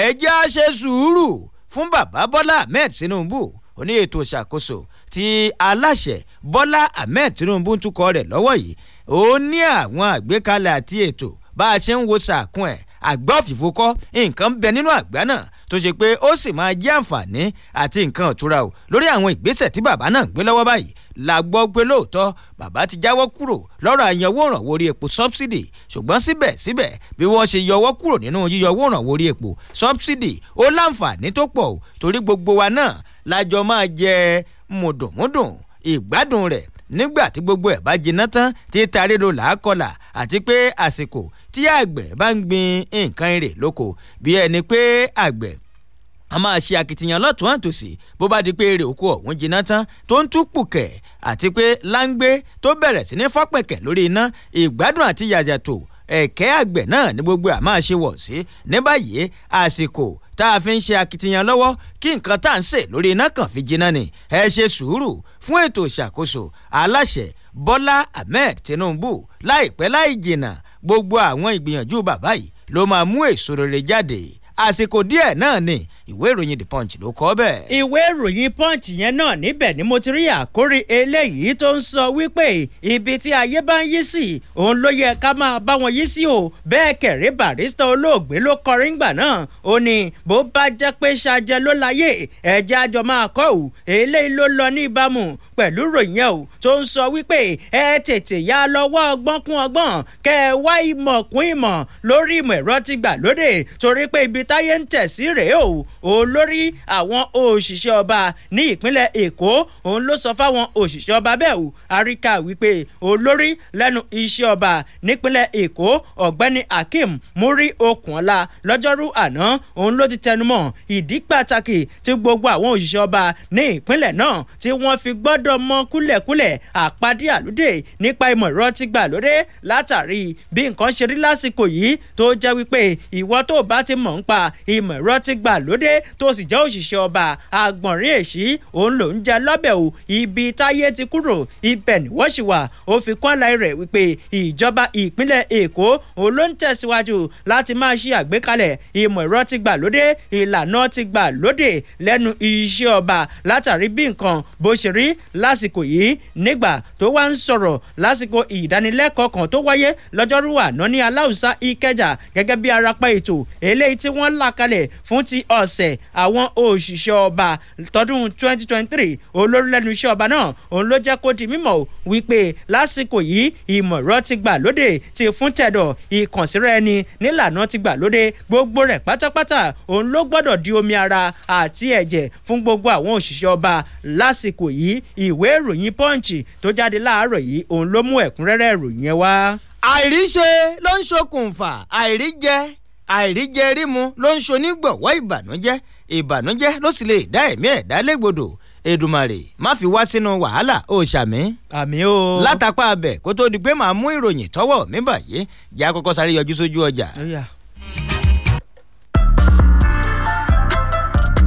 ẹ jẹ́ á ṣe sùúrù fún bàbá Bọ́lá Ahmed Tinubu oní ìṣàkóso Ti aláṣẹ bọ́lá ahmed tinubu ń tukọ̀ rẹ̀ lọ́wọ́ yìí ó ní àwọn àgbékalẹ̀ àti ètò bá a ṣe ń wo sàkún ẹ̀ àgbá òfìfo kọ́ nǹkan bẹ nínú àgbá náà tó ṣe pé ó sì máa jẹ́ àǹfààní àti nǹkan ìtura o lórí àwọn ìgbésẹ̀ tí bàbá náà gbé lọ́wọ́ báyìí la gbọ́ pé lóòótọ́ bàbá ti jáwọ́ kúrò lọ́rọ̀ àyànwó ìrànwọ́ orí epo subsidy ṣùgbọ́n síbẹ̀síbẹ̀ bí wọ́n ṣe yọwọ́ kúrò nínú yíyọwọ́ ìrànwọ́ orí epo subsidy ó láǹfààní tó pọ̀ o torí gbogbo wa náà lájọ máa jẹ mùdùnmúdùn ìgbádùn rẹ̀ nígbà tí gbogbo ẹ̀ bá jiná tán tí taríro làákọlà àti pé àsìkò tí àgbẹ̀ bá ń gbin nǹkan irè lóko bí ẹni pé àgbẹ̀ a máa ṣe akitiyan lọ́tún àtòsí bó bá di pé èrè oko ọ̀hún jiná tán tó ń tú pùkẹ̀ àti pé láńgbé tó bẹ̀rẹ̀ sí ní fọ́pẹ̀kẹ̀ lórí iná ìgbádùn àti yàjàtò ẹ̀kẹ́ àgbẹ̀ náà ní gbogbo àmọ́ àṣewọ̀ sí ní báyìí àsìkò tá a fi ń ṣe akitiyan lọ́wọ́ kí nǹkan tá à ń ṣe lórí iná kan fi jiná ni ẹ ṣe sùúrù fún ètò ìṣàkóso aláṣẹ Bọ́lá Ahmed Tinubu láìpẹ́ láì jìnnà gbogbo àwọn ìgbìyànjú bàbá yìí ló máa mú èso rere jáde àsìkò díẹ̀ náà ni ìwé ìròyìn the punch ló kọ bẹ́ẹ̀. ìwé ìròyìn punch yẹn náà níbẹ̀ ni mo ti rí àkórí eléyìí tó ń sọ wípé ibi tí ayé bá ń yí sí òun ló yẹ ká máa bá wọn yí sí o bẹ́ẹ̀ kẹ̀rí barista olóògbé ló kọrin gbà náà ó ní bó bá jẹ́ pé ṣajẹ ló láyé ẹ̀jẹ̀ àjọ máa kọ́ ò eléyìí ló lọ ní ìbámu pẹ̀lú ròyìn ẹ̀ tó ń sọ wípé ẹ tètè yá lọ́wọ́ ọgbọ́n kún ọgbọ́n kẹ́ ẹ wá ìmọ̀ kún ìmọ̀ lórí ìmọ̀ ẹ̀rọ ti gbà lóde torí pé ibi táyé ń tẹ̀ sí rèé o olórí àwọn òṣìṣẹ́ ọba ní ìpínlẹ̀ èkó òun ló sọ fáwọn òṣìṣẹ́ ọba bẹ́ẹ̀ o àríkà wípé olórí lẹ́nu iṣẹ́ ọba nípínlẹ̀ èkó ọ̀gbẹ́ni akeem muri okunola lọ́jọ́rú àná òun ló ti tẹnumọ́ ìdí pàtàkì tí gbogbo àwọn òṣìṣẹ́ ọba ní ìpínlẹ̀ náà tí wọ́n fi gbọ́dọ̀ mọ kúlẹ̀kúlẹ̀ àpàdé àlùdè nípa ìmọ̀ ẹ̀rọ ti gbà lóde látàrí bí nǹkan ṣe rí lásìkò yìí tó jẹ́ wípé ìwọ tó bá ti mọ̀ ń pa ìmọ̀ ẹ̀rọ ti gbà lóde eléré tó sì jẹ́ òṣìṣẹ́ ọba àgbọ̀nrín èṣí òun ló ń jẹ lọ́bẹ̀ o ibi táyé ti kúrò ibẹ̀ ni wọ́n sì wà ó fi kọ́ńlá rẹ̀ wípé ìjọba ìpínlẹ̀ èkó òun ló ń tẹ̀síwájú láti máa ṣe àgbékalẹ̀ ìmọ̀ ẹ̀rọ ti gbà lóde ìlànà ti gbà lóde lẹ́nu iṣẹ́ ọba látàrí bí nǹkan bó ṣe rí lásìkò yìí nígbà tó wá ń sọ̀rọ̀ lásìkò ìdánilẹ́kọ̀ọ́ kan tó wáyé lọ́jọ́rú àná ní aláùsá ìkẹjà gẹ́gẹ́ bí arapa ètò eléyìí tí wọ́n là kalẹ̀ fún ti ọ̀sẹ̀ ọ̀sẹ̀ àwọn òṣìṣẹ́ ọba tọdún 2023 olórí lẹ́nu iṣẹ́ ọba náà òun ló jẹ́ kó di mímọ̀ wípé lásìkò yìí ìmọ̀rọ̀ ti gbà lóde ti fún tẹ̀dọ̀ ìkànsíra ẹni nílànà ti gbà lóde gbogbo rẹ̀ pátápátá òun ló gbọ́dọ̀ di omi ara àti ẹ̀jẹ̀ fún gbogbo àwọn òṣìṣẹ́ ọba lásìkò yìí ìwé ìròyìn punch tó jáde láàárọ̀ yìí òun ló mú ẹ̀kúnrẹ́rẹ́ ìròyìn yẹn wá. àìríṣe ló ń ṣokùnfà àìríjẹ àìríjẹ rímu ló ń ṣonígbọ̀wọ́ ìbànújẹ́ ìbànújẹ́ ló sì lè dá ẹ̀mí ẹ̀dá légbodò Èdùmàrè má fi wá sínú wàhálà ó ṣàmì. àmì o. látàpá abẹ kó tó di pé màá mú ìròyìn tọ́wọ́ mi bàyè jẹ́ àkọ́kọ́ sáré yọjú sójú ọjà. Oh, yeah.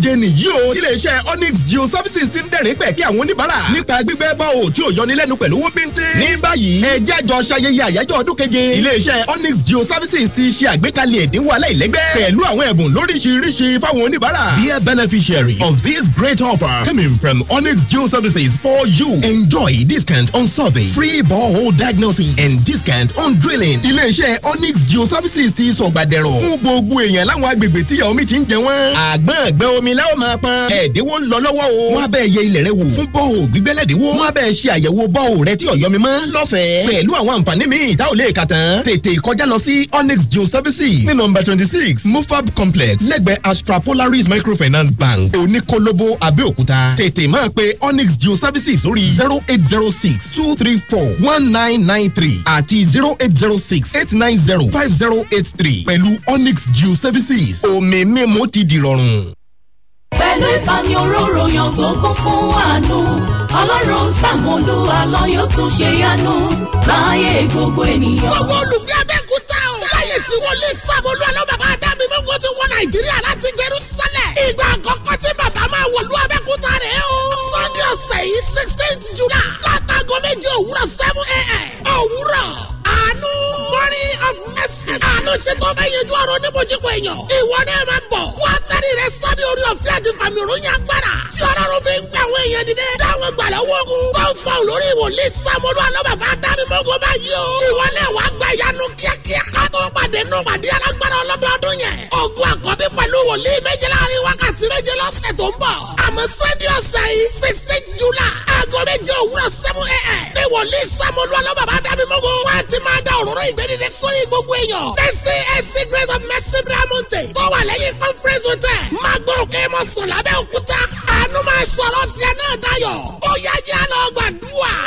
ìdíje nìyí o tílé iṣẹ́ Onyx Geo Services ti ń dẹ̀rín pẹ̀ kí àwọn oníbàárà nípa gbígbẹ́ bọ́ọ̀ tí ò yọnilẹ́nu pẹ̀lú owó bíntín. ní báyìí ẹ jẹ́ jọ ṣayẹyẹ àyájọ́ ọdún keje ilé iṣẹ́ Onyx Geo Services ti ṣe àgbékalẹ̀ ẹ̀dínwó aláìlẹ́gbẹ́ pẹ̀lú àwọn ẹ̀bùn lóríṣiríṣi fáwọn oníbàárà. Be a beneficiary of this great offer coming from Onyx Geo Services for you. Enjoy discount on survey, free borehole diagnosis and discount on drilling. ilé iṣẹ́ Onyx Geo Services ti sọ̀gbàdẹ̀rọ̀ fún gbogbo èèyàn láwọn agbègbè tíyà omi ti ń jẹ wọ́n. àgbọn omi omi la ó máa pọn. ẹ̀ẹ́dínwó ń lọ lọ́wọ́ o. wọ́n á bẹ́ẹ̀ yẹ ilẹ̀ rẹ wò. fún bọ́ọ̀ gbígbẹ́lẹ́dínwó. wọ́n á bẹ́ẹ̀ ṣe àyẹ̀wò bọ́ọ̀ rẹ tí ọ̀yọ́ mi mọ́ lọ́fẹ̀ẹ́. pẹ̀lú àwọn àǹfààní míì tá ò lè kà tán. tètè kọjá lọ sí Onyx Geo Services ní nọ́mbà twenty six Mufab Complex lẹ́gbẹ̀ẹ́ Astra Polaris Microfinance Bank Oníkólóbó Abẹ́òkúta. tètè máa pe Onyx Geo Services sórí zero eight zero six two three four one nine nine three àti zero eight zero six eight nine zero five zero eight three pẹ̀lú Onyx Geo Services omi mímu ti dìrọ̀rùn pẹ̀lú ìfàmì òróró yan tó kún fún àánú ọlọ́run ṣàmúlò àlọ́yọ̀ tún ṣe yánú láàyè gbogbo ènìyàn. gbogbo olùgbé abẹ́kúta o. láyé tí wọ́n lè ṣàmúlò àlọ́ bàbá adámi mọ́kò tí wọ́n nàìjíríà láti Jerusalem. ìgbà àkọ́kọ́ tí bàbá máa wọ̀lú abẹ́kúta rẹ̀ o. sunday ọ̀sẹ̀ yìí sixteenth july. látàgọ́ méje òwúrọ̀ seven a.m. òwúrọ̀ mercy. àánú ṣe tó fẹ́ yẹjú ọ̀rọ̀ oníbojúkọ èèyàn. ìwọ náà máa ń bọ̀. wá tẹ́lẹ̀ rẹ sábẹ́ orí ọ̀fẹ́ àti fàmì òròyìn agbára. tí ọlọ́run fi ń gbà àwọn èèyàn dìde. táwọn gbàlẹ̀ wọ́gun. tó ń fa olórí ìwòlé sàmúlò alábàbà dámímọ́gò bá yí o. ìwọ náà wàá gba ìyanu kíákíá. kátó pàdé pàdé wòlíì sàmúlò ọlọ́bàbà dábìmọ́gò wọ́n ti máa da òróró ìgbẹ́dìde sóyè gbogbo èèyàn. tẹ̀sí ẹ̀sìn grace of mercy dramonte tó wà lẹ́yìn conference hotel máa gbọ́ òkè mọ́ sùn lábẹ́ òkúta àánú máa sọ̀rọ̀ tiẹ̀ náà dayọ̀ ó yájẹ́ àlọ́ gbàdúrà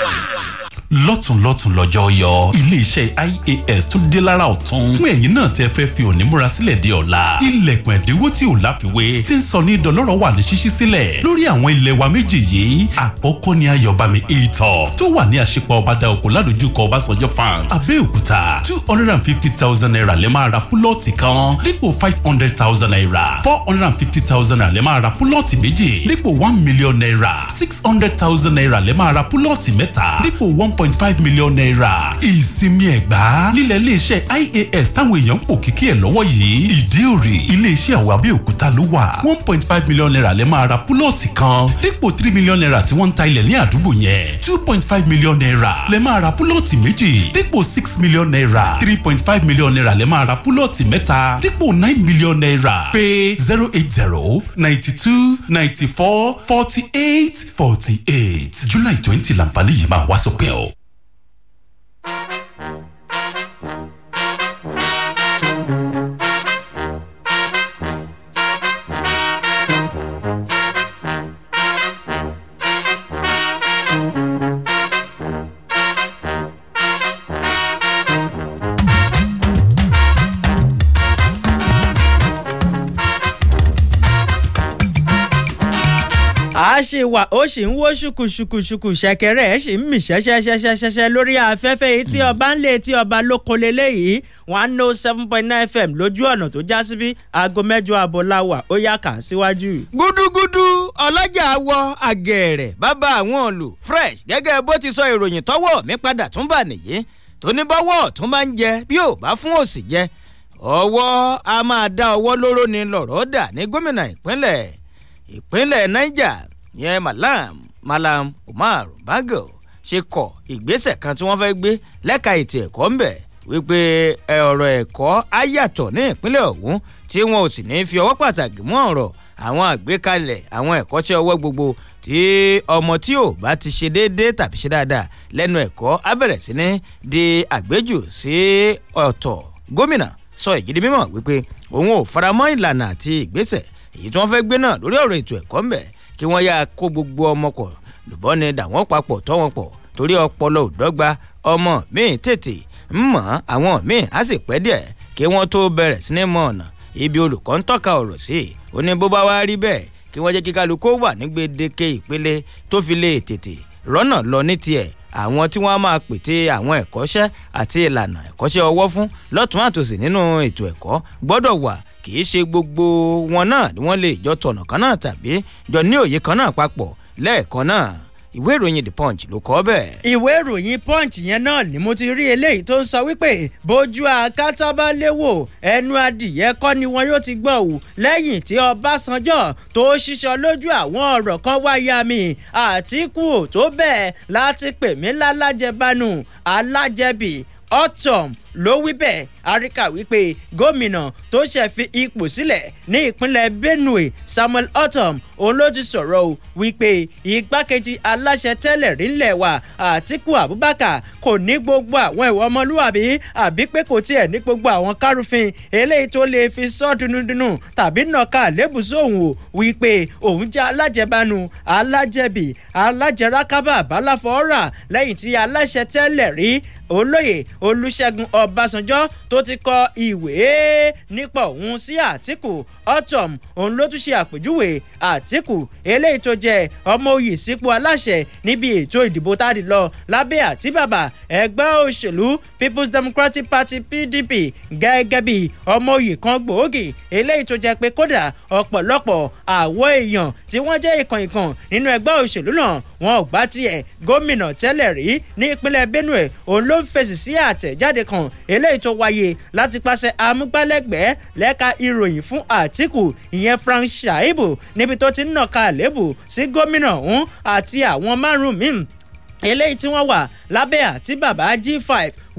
lọ́tùnlọ́tùn lọ́jọ́ yọ iléeṣẹ́ IAS tún dé lára ọ̀tún fún ẹ̀yin náà tẹ́ fẹ́ fi òní múra sílẹ̀ dé ọ̀la ilẹ̀kùn ẹ̀dínwó tí ò láfiwé ti ń sọ ní ìdọ̀lọ́rọ̀ wà ní ṣíṣí sílẹ̀ lórí àwọn ilẹ̀ wa méjì yìí àkọ́kọ́ ni ayọ̀bámi ìtọ̀ tó wà ní àṣepọ̀ ọ̀bàdà òkú ládojúkọ ọbásanjọ́ farms abẹ́òkúta two hundred and fifty thousand naira lẹ́ máa ra five hundred thousand naira four hundred and fifty thousand naira lẹ́ máa ra one million naira six hundred thousand naira lẹ́ máa ra one point five million naira ìsinmi ẹ̀gbá lílẹ̀ iléeṣẹ́ ias táwọn èèyàn ń pò kíkí ẹ̀ lọ́wọ́ yìí ìdí òrì iléeṣẹ́ àwọn abẹ́òkúta ló wà one point five million naira lẹ́ máa ra púlọ̀tì kan dípò three million naira tí wọ́n ń ta ilẹ̀ ní àdúgbò yẹn two point five million naira lẹ́ máa ra púlọ̀tì méjì dípò six million naira three point five million naira lẹ́ máa ra púlọ̀tì mẹ́ta dípò nine million naira pé zero eight zero ninety two ninety four forty eight forty eight july twenty lànfààní yìí máa wá sópin o. Bye. ṣì wà ó ṣì ń wó ṣùkùṣùkùṣùkù ṣẹ̀kẹ̀rẹ̀ ẹ̀ ṣì ń mì ṣẹṣẹṣẹṣẹṣẹ lórí afẹ́fẹ́ yìí tí ọba ń lé tí ọba ló kó leléyìí one oh seven point nine fm lójú ọ̀nà tó já síbí aago mẹ́jọ àbọ̀ la wà ó yá kà síwájú. gúdúgúdú ọlọ́jà wọ àgẹ̀rẹ̀ bàbá àwọn òlù fresh gẹ́gẹ́ bó ti sọ ìròyìn tọ́wọ́ mi padà tún bà nìyí tó ní bọ́wọ́ tó máa ń jẹ bí ò bá fún òsì jẹ ọwọ́ a máa dá ọwọ́ lóró ni lọ̀rọ̀ dà ní gómìnà ìpínlẹ̀ ìpínlẹ̀ niger yẹn malam malam umar bago ṣe kọ ìgbésẹ̀ kan tí wọ́n fẹ́ gbé lẹ́ka ètò ẹ̀kọ́ ń bẹ̀ wípé ọ̀rọ̀ ẹ̀kọ́ á yàtọ̀ ní ìpínlẹ̀ ọ̀hún tí wọn ò sì ní fi ọwọ́ pàtàkì mú ọ̀rọ̀ àwọn àgbékalẹ̀ àwọn ẹ̀kọ́ṣẹ́ ọwọ́ gbogbo tí ọmọ tí ò bá ti ṣe déédéé tàbí ṣe dáadáa lẹ́nu ẹ̀kọ́ á bẹ̀rẹ̀ sí ní di àgbéjù sí ọ̀tọ̀ gómìnà sọ èyí di mímọ̀ wípé òun ò faramọ́ ìlànà àti ìgbésẹ̀ èyí tí wọ́n fẹ́ gbé náà lórí ọ̀rọ̀ ètò ẹ̀kọ́ ńbẹ̀ kí wọ́n yáa kó gbogbo ọmọ pọ̀ lùbọ́n ni dà wọ́n papọ̀ tọ́ wọn pọ̀ torí ọpọlọ ò dọ́gba ọmọ míì tètè ń mọ̀ àwọn míì á sì pẹ́ díẹ̀ kí wọ́n tó bẹ̀rẹ̀ sí ní mọ ọ̀nà ibi olùkọ́ ń tọ́ka ọ̀rọ̀ sí i ó ní bó bá wá rí bẹ́ẹ̀ kí wọ́n jẹ́ kí kálukú wà ní gbèdéke ìpele tó fi lè tètè rọ́nà lọ ní tiẹ̀ àwọn tí wọ́n á máa pète àwọn ẹ̀kọ́ṣẹ́ àti ìlànà ẹ̀kọ́ṣẹ́ ọwọ́ fún lọ́tún àtòsí nínú ètò ẹ̀kọ́ gbọ́dọ̀ wà kì í ṣe gbogbo wọn náà ni wọ́n lè jọ tọ̀nà kan náà tàbí jọ ní òye kan náà papọ̀ lẹ́ẹ̀kan náà ìwé ìròyìn the punch ló kọ bẹ́ẹ̀. ìwé ìròyìn punch yẹn náà ni mo ti rí eléyìí tó ń sọ wípé bójú akátá léwò ẹnu adìyẹ kọ́ ni wọn yóò ti gbọ́ ò lẹ́yìn tí ọbásanjọ́ tó ṣiṣọ́ lójú àwọn ọ̀rọ̀ kan wáyà mi àtìkù tó bẹ́ẹ̀ láti pè mí lálájẹbanu alájẹbì autumn ló wí bẹ́ẹ̀ áríkà wípé gómìnà tó ṣẹ̀ fi ipò sílẹ̀ ní ìpínlẹ̀ benue samuel otom òun ló ti sọ̀rọ̀ o wípé igbákejì aláṣẹ tẹ́lẹ̀ rílẹ̀ wa àtíkù abubakar kò ní gbogbo àwọn ìwà ọmọlúwàbí àbí pé kò tiẹ̀ ní gbogbo àwọn kárùfin eléyìí tó lè fi sọ́ dunudunu tàbí nàka lébùsọ̀ òun o wípé òun jẹ́ alájẹbánu alájẹbì alájẹrákábà bálàfọ́ọ́rà lẹ́yìn tí aláṣẹ tẹ́lẹ̀ rí olóyè olùṣègùn ọ ọbásanjọ́ tó ti kọ ìwé nípa òun sí àtìkù otom òun ló tún ṣe àpèjúwe àtìkù eléyìí tó jẹ ọmọ oyè sípò aláṣẹ níbi ètò ìdìbò táàdì lọ lábẹ́ àtíbàbà ẹgbẹ́ òṣèlú people's democratic party pdp gẹ́gẹ́ bí ọmọ oyè kan gbòógì eléyìí tó jẹ pé kódà ọ̀pọ̀lọpọ̀ àwọn èèyàn tí wọ́n jẹ́ ìkànnìkan nínú ẹgbẹ́ òṣèlú náà wọn ò gbá tiẹ̀ gómìnà tẹ́lẹ̀ rí ní ìpínlẹ̀ benue òun ló ń fèsì sí àtẹ̀jáde kan eléyìí tó wáyé láti pàṣẹ amúgbálẹ́gbẹ̀ẹ́ lẹ́ka ìròyìn fún àtìkù ìyẹn frank shaibu níbi tó ti ń nàka àlébù sí gómìnà ọ̀hún àti àwọn márùn-ún míì eléyìí tí wọ́n wà lábẹ́ àti bàbá G5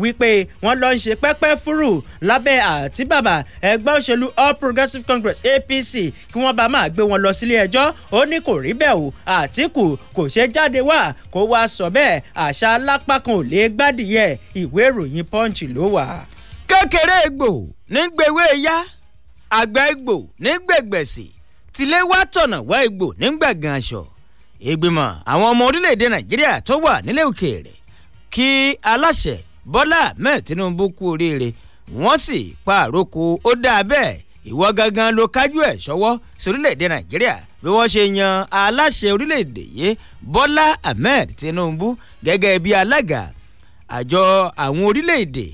wípé wọ́n lọ ń ṣe pẹ́pẹ́ fúrù lábẹ́ àti bàbá ẹgbẹ́ òṣèlú All Progressives Congress APC kí wọ́n bá máa gbé wọn lọ sílé ẹjọ́ ó ní kò rí bẹ́ẹ̀ o Àtíkù kò ṣe jáde wá kó wá sọ bẹ́ẹ̀ àṣà alápá kan ò lè gbádìyẹ ìwé ìròyìn Punch ló wà. kékeré egbò nígbèwé yá àgbà egbò nígbègbèsì tìlé wá tọ̀nà wá egbò nígbàgàn aṣọ ìgbìmọ̀ àwọn ọmọ orílẹ̀-èdè nàìjíríà tó wà nílẹ̀ òkèèrè kí aláṣẹ bọ́lá ahmed tinubu kú oríire wọ́n sì pa àròkọ ó dáa bẹ́ẹ̀ ìwọ gangan ló kájú ẹ̀ sọ́wọ́ sórílẹ̀-èdè nàìjíríà bí wọ́n ṣe yan aláṣẹ orílẹ̀-èdè yìí bọ́lá ahmed tinubu gẹ́gẹ́ bí alága àjọ àwọn orílẹ̀-èdè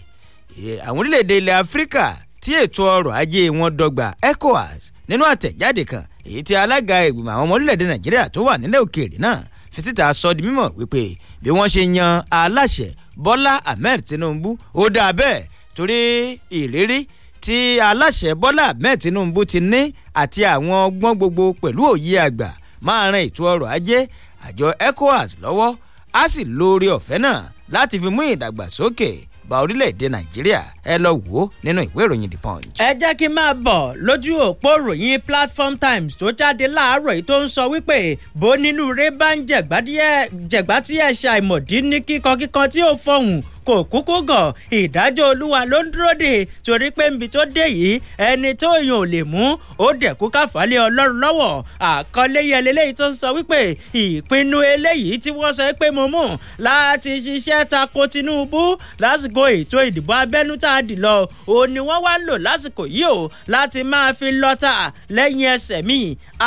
àwọn orílẹ̀-èdè ilẹ̀ áfíríkà tí ètò ọrọ̀ ajé wọn dọ́gba ecowas nínú àtẹ̀jáde kan èyí tí alága ìgbìmọ̀ àwọn ọmọ orílẹ̀-èdè nàìjíríà tó wà nílẹ̀ òkèèrè náà fi síta sọ di mímọ̀ wípé bí wọ́n ṣe yan aláṣẹ bọ́lá ahmed tinubu ó dáa bẹ́ẹ̀ torí ìrírí tí aláṣẹ bọ́lá ahmed tinubu ti ní àti àwọn ọgbọ́n gbogbo pẹ̀lú òye àgbà máa ran ètò ọrọ̀ ajé àjọ ecowas lọ́wọ́ á sì lóore ọ̀fẹ́ náà láti fi mú ìdàgbàsókè àbá orílẹ̀-èdè nàìjíríà ẹ lọ wò ó nínú ìwé ìròyìn the punch. ẹ jẹ́ kí n máa bọ̀ lójú òpó ròyìn platform times tó jáde láàárọ̀ yìí tó ń sọ wípé bó nínú rẹ bá ń jẹ̀gbá tí ẹ̀ ṣàìmọ̀dí ní kíkan kíkan tí ó fọ̀hùn kò kúkú gọ̀ ìdájọ́ olúwa ló ń dúró de. torí pé nbi tó dé yìí ẹni tó èèyàn ò lè mú ó dẹ̀kú káfálẹ́ ọlọ́run lọ́wọ́ àkọlé yẹn lélẹ́yìí tó ń sọ wípé ìpinnu eléyìí tí wọ́n sọ pé mo mú láti ṣiṣẹ́ tako Tinubu lásìkò ètò ìdìbò abẹ́nú tá a dì lọ òun ni wọ́n wá ń lò lásìkò yìí o láti máa fi lọ́tà lẹ́yìn ẹsẹ̀ mi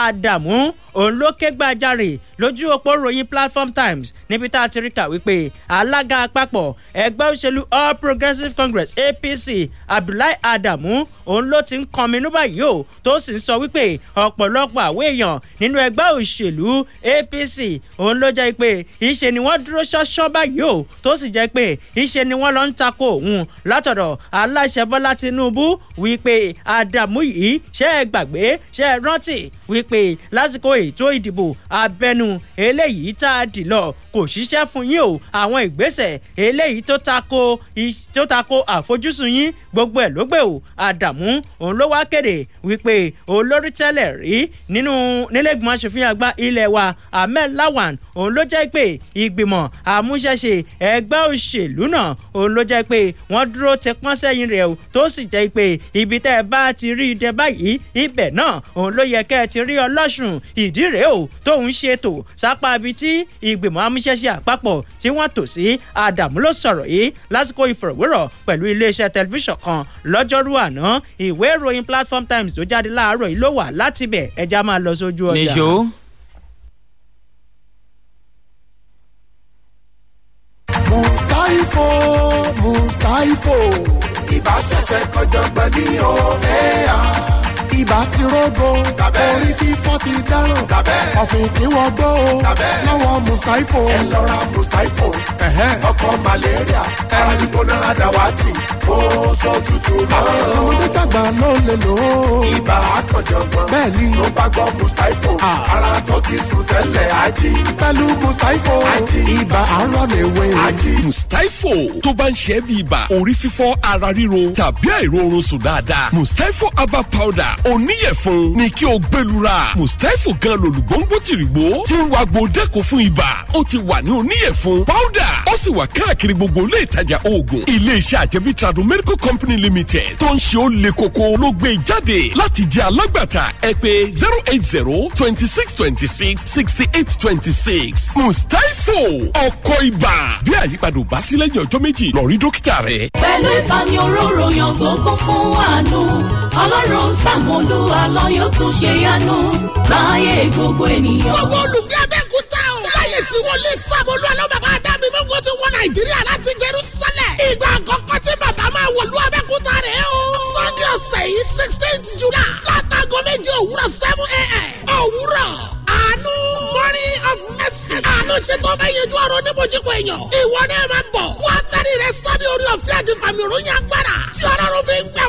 Àdàmú òun ló ké gbàjarè lójú òpó ròyìn Platform Times níbi tá a ti rí kà wípé alága àpapọ̀ ẹgbẹ́ ẹgbẹ́ òṣèlú all progressives congress apc abdullahi adamu òun ló ti ń kọminú báyìí o tó sì ń sọ wípé ọ̀pọ̀lọpọ̀ àwọn èèyàn nínú ẹgbẹ́ òṣèlú apc òun ló jẹ́ pé ìṣe ni wọ́n dúró ṣọ́ṣọ́ báyìí o tó sì jẹ́ pé ìṣe ni wọ́n lọ ń takò òun látọ̀dọ̀ aláṣẹ tinubu wípé adamu yìí ṣe é gbàgbé ṣe é rántí wípé lásìkò ètò ìdìbò abẹnu eléyìí tá a dì lọ kò ṣiṣẹ́ fún yín o àwọn ìgbésẹ̀ eléyìí tó tó tako tó tako àfojúsùn yín gbogbo ẹ̀ ló gbè ó àdàmú òun ló wá kéde wípé olórí tẹ́lẹ̀ rí nínú nílẹ̀gbọ́n aṣòfin àgbà ilé wa ahmed lawan òun ló jẹ́ pé ìgbìmọ̀ àmúṣẹ́ṣe ẹgbẹ́ òṣèlú náà òun ló jẹ́ pé wọ́n dúró tẹ pọ́n sẹ́yìn rẹ̀ o tó sì jẹ́ pé ibi tẹ́ ẹ bá ti rí i dẹ báyìí ibẹ̀ náà òun ló yẹ kẹ́ ẹ ti rí ọlọ́sùn ìdí rèé o tóun ṣètò sápá ibi tí ìgbìmọ̀ àmúṣẹ́ṣe àpapọ̀ tí wọ́n tò sí àdàmú ló sọ̀rọ̀ ọ̀rọ̀ yìí lásìkò ìfọ̀rọ̀wérọ̀ pẹ̀lú iléeṣẹ́ tẹlifíṣàn kan lọ́jọ́rú àná ìwé ìròyìn platform times tó jáde láàárọ̀ yìí ló wà láti bẹ̀ ẹja máa lọ sójú ọjà. níṣó mustaifo mustaifo ìbáṣẹ̀ṣẹ̀ kọjọ́gbọ́n ní oa ibà ti rógo orí fífọ́ ti dáràn ọ̀fìn kí wọ́n gbó o lọ́wọ́ mùsáífò. ẹ lọ ra mùsáífò ọkọ̀ malaria ara ní gbóná àdáwátì ó sọ tútù náà. àwọn ọmọdé tàgbà ló lè lò ó. ibà àkànjọ̀gbọ́n bẹ́ẹ̀ ni ló bá gbọ́ mùsáífò ara tó ti sùn tẹ́lẹ̀ ají. pẹ̀lú mùsáífò ají ibà arọ lè wé. ají mùsáífò tó bá ń ṣe é bí ibà orí fífọ́ ara ríro tàbí àìróorun dáadáa mùsáífò herbal powder oníyẹ̀fun ni kí o gbẹlura mustapha gan lòlùgbòǹgbò tìrìgbò ti ń wa gbòdẹ́kọ̀ fún ibà ó ti wà ní oníyẹ̀fun pàwùdà ó sì wà káàkiri gbogbo ilé ìtajà oògùn iléeṣẹ́ àjẹmí tradu medical company limited tó ń ṣe ó le koko ló gbé e jáde láti jẹ́ alágbàtà ẹ pè zero eight zero twenty six twenty six sixty eight twenty six mustapha ọkọ ibà bí àyípadà ò bá sí lẹ́yìn ọjọ́ méjì lọ rí dókítà rẹ. pẹ̀lú ìfàmì òróró yan tó kún fún àánú ọlọ́run sàmú Olúwa lọ yóò tún ṣe yánú láyé gbogbo ènìyàn. gbogbo olùgbé abẹ́kúta o. láyé tí wọ́n lè sàmúlò àlọ́ bàbá adámi mọ́gbọ́n tí wọ́n Nàìjíríà láti Jerúsálẹ̀. ìgbà àkọ́kọ́ tí bàbá máa wọ̀lú abẹ́kúta rẹ̀ o. Sunday ọ̀sẹ̀ yìí sixteenth July. látago méje òwúrọ̀ seven a.m. òwúrọ̀ àánú morning of mercy. àánú ṣe tó bá yẹjú ọ̀rọ̀ oníbojúkọ èèyàn. ìwọ náà máa ń bọ̀. wọ́n á tẹ́rì rẹ sábẹ́ orí ọ̀fẹ́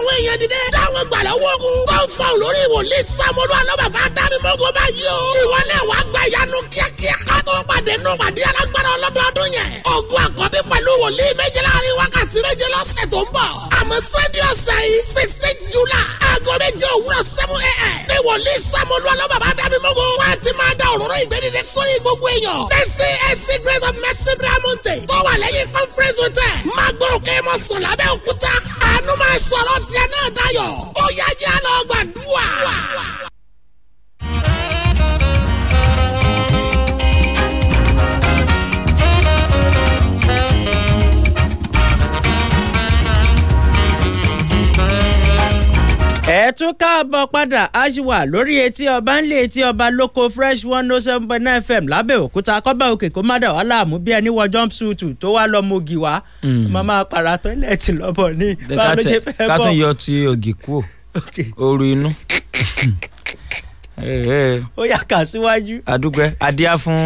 àwọn èèyàn dìde táwọn gbà lọ́wọ́ ogun tó ń fọ olórí ìwòlí sàmúlò alábàbà dánimọ́gò báyìí o ìwọ náà wàá gba ìyanu kíákíá ká tó pàdé nù pàdé alágbára ọlọ́dọọdún yẹn ogun àkọ́bí pẹ̀lú wòlíì méje láàrin wákàtí méje lọ́sẹ̀ tó ń bọ̀ àmọ́ sunday ọ̀sẹ̀ yìí sixteen july aago méje òwúrọ̀ seven a.m. ní wòlíì sàmúlò alábàbà dánimọ́gò wọ́n ti máa da òróró ìgbẹ́dìde sóyè gbogbo èèyàn tcc grace of mercy bramonte tó wà lẹ́yìn conference hotel máa gbọ́ òkè mọ́sán lábẹ́ òkúta sọ̀rọ̀ tiẹ̀ náà dayọ̀ ó yá jẹ́ àlọ́ gbàdúrà. ẹ tún káàbọ̀ padà a ṣì wà lórí etí ọba ńlẹ̀ etí ọba lóko fresh one oh seven point nine fm lábẹ́òkúta kọ́bà òkè kó má dà wá láàmú bí ẹni wọ jumpsuit tó wá lọ hmm. mo gì wá màmá para tọ́lẹ̀tì lọ́bọ̀ ni báwo ló ṣe fẹ́ bọ̀. ká tún yọ ti ògì kúrò ooru inú. Eh, eh. ó yà kà síwájú. àdúgbẹ́ adíá fún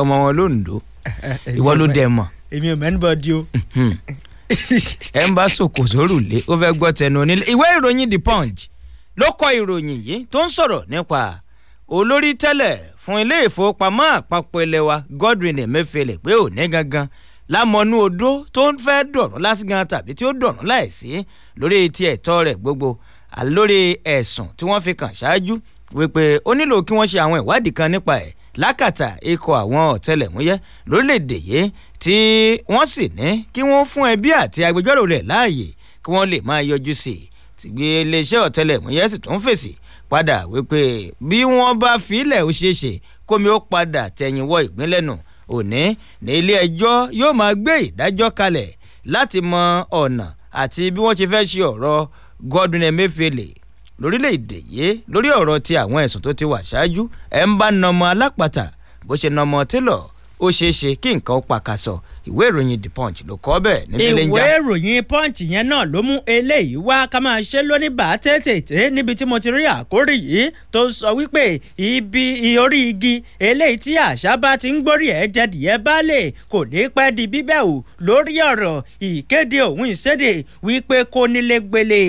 ọmọ wọn lóńdó eh, ìwọ ló dẹ̀ mọ̀. èmi ò mẹ́nubọ̀ di o. Hmm ẹ ń bá sòkò sórùlé ó fẹ́ gbọ́ tẹnu onílé ìwé ìròyìn the punch ló kọ ìròyìn yìí tó ń sọ̀rọ̀ nípa olórí tẹ́lẹ̀ fún ilé ìfowópamọ́ àpapọ̀ ilẹ̀ wa Godwin Emefiele pé ò ní gangan lámọnú odó tó ń fẹ́ dọ̀rùn lásìgàn tàbí tí ó dọ̀rùn láìsí lórí ti ẹ̀tọ́ rẹ̀ gbogbo lórí ẹ̀sùn tí wọ́n fi kàn ṣáájú wípé ó nílò kí wọ́n ṣe àwọn ìwádìí kan nípa ẹ̀ lákàtà ikọ̀ àwọn ọ̀tẹlẹ̀múyẹ́ lórílẹ̀‐èdè yìí tí wọ́n sì ní kí wọ́n fún ẹbí àti agbẹjọ́rò rẹ̀ láàyè kí wọ́n lè máa yọjú sí i tìgbé iléeṣẹ́ ọ̀tẹlẹ̀múyẹ́ sì tún fèsì padà wípé bí wọ́n bá filẹ̀ ó ṣeé ṣe kómi ó padà tẹ̀yìn wọ ìpínlẹ̀ nù òní ní ilé ẹjọ́ yóò máa gbé ìdájọ́ kalẹ̀ láti mọ ọ̀nà àti bí wọ́n ti fẹ́ ṣe ọ̀rọ̀ Godwin lórílẹ̀‐èdè yìí lórí ọ̀rọ̀ ti àwọn ẹ̀sùn tó ti wà ṣáájú ẹ̀ ń bá nọmọ alápàtà bó ṣe nọmọ télọ̀ ó ṣeé ṣe kí nǹkan ó pakasọ̀ ìwé ìròyìn the punch ló kọ́ bẹ́ẹ̀ níbi lẹ́njà. ìwé ìròyìn punch yẹn náà ló mú eléyìí wá ká máa ṣe lóní bá tètè níbi tí mo ti rí àkórí yìí tó sọ wípé ibi orí igi eléyìí tí àṣà bá ti ń gbórí ẹ̀ jẹ́dìyẹ baálé kò ní pẹ́ di bíbẹ̀ ò lórí ọ̀rọ̀ ìkéde òun ìséde wípé kónílégbélé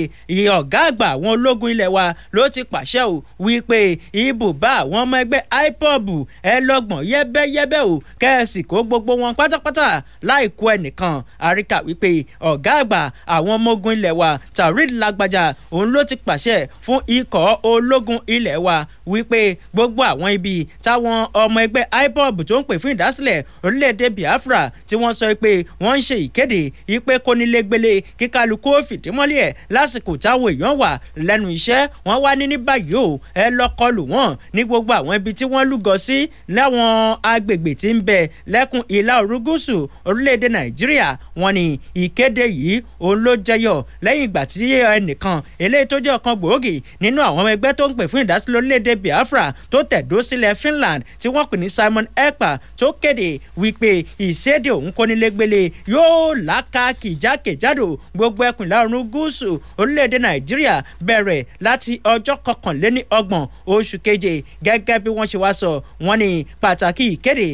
ọ̀gá àgbà àwọn ológun ilẹ̀ wa ló ti pàṣẹ ò wípé ibùbá àwọn ọmọ ẹgbẹ́ ipob ẹlọgbọ̀n yẹ́bẹ́yẹ́bẹ́ ò kẹ́ẹ̀sì kó gbogbo wọn pátápátá láì kó ẹnìkan àríkà wípé ọ̀gá àgbà àwọn ọmọ ogun ilẹ̀ wa Taoreed Lagbaja òun ló ti pàṣẹ fún ikọ̀ ológun ilẹ̀ wa wípé gbogbo àwọn ibi táwọn ọmọ ẹgbẹ́ IPOB tó ń pè fún ìdásílẹ̀ orílẹ̀-èdè Biafra tí wọ́n sọ pé wọ́n ń ṣe ìkéde ìpè kónílégbélé kíkálukú fìdímọ́lẹ̀ ẹ̀ lásìkò táwọn èèyàn wà lẹ́nu iṣẹ́ wọ́n wá ní ní báyìí o ẹ lọ kọlù wọ́n ní gbogbo àwọn ibi tí wọ́n lúgọ sí láwọn agbègbè tí ń bẹ lẹ́kùn ìlà òrùgúsù orílẹ̀-èdè nàìjíríà wọ́n ní ìkéde yìí òun ló jẹyọ lẹ́yìn ìgbà tí ẹnìkan eléyìí tó jẹ́ ọ̀kan gbòógì nínú àwọn ọmọ ẹgbẹ́ tó ń pè fún ìdásílẹ̀ orílẹ̀-èdè biafra tó tẹ̀dó sílẹ̀ finland tí wọ́n pè ní simon ekpa tó kéde wípé ìséde òun kónílégbélé yóò lákàkì jákèjádò gbogbo ẹkùn ìlà oòrùn gúúsù orílẹ̀-èdè nàìjíríà bẹ̀rẹ̀ láti ọjọ́ kọkànléní ọgbọ̀n oṣù keje gẹ́gẹ́ bí wọ́n ṣe wá sọ wọ́n ní pàtàkì ìkéde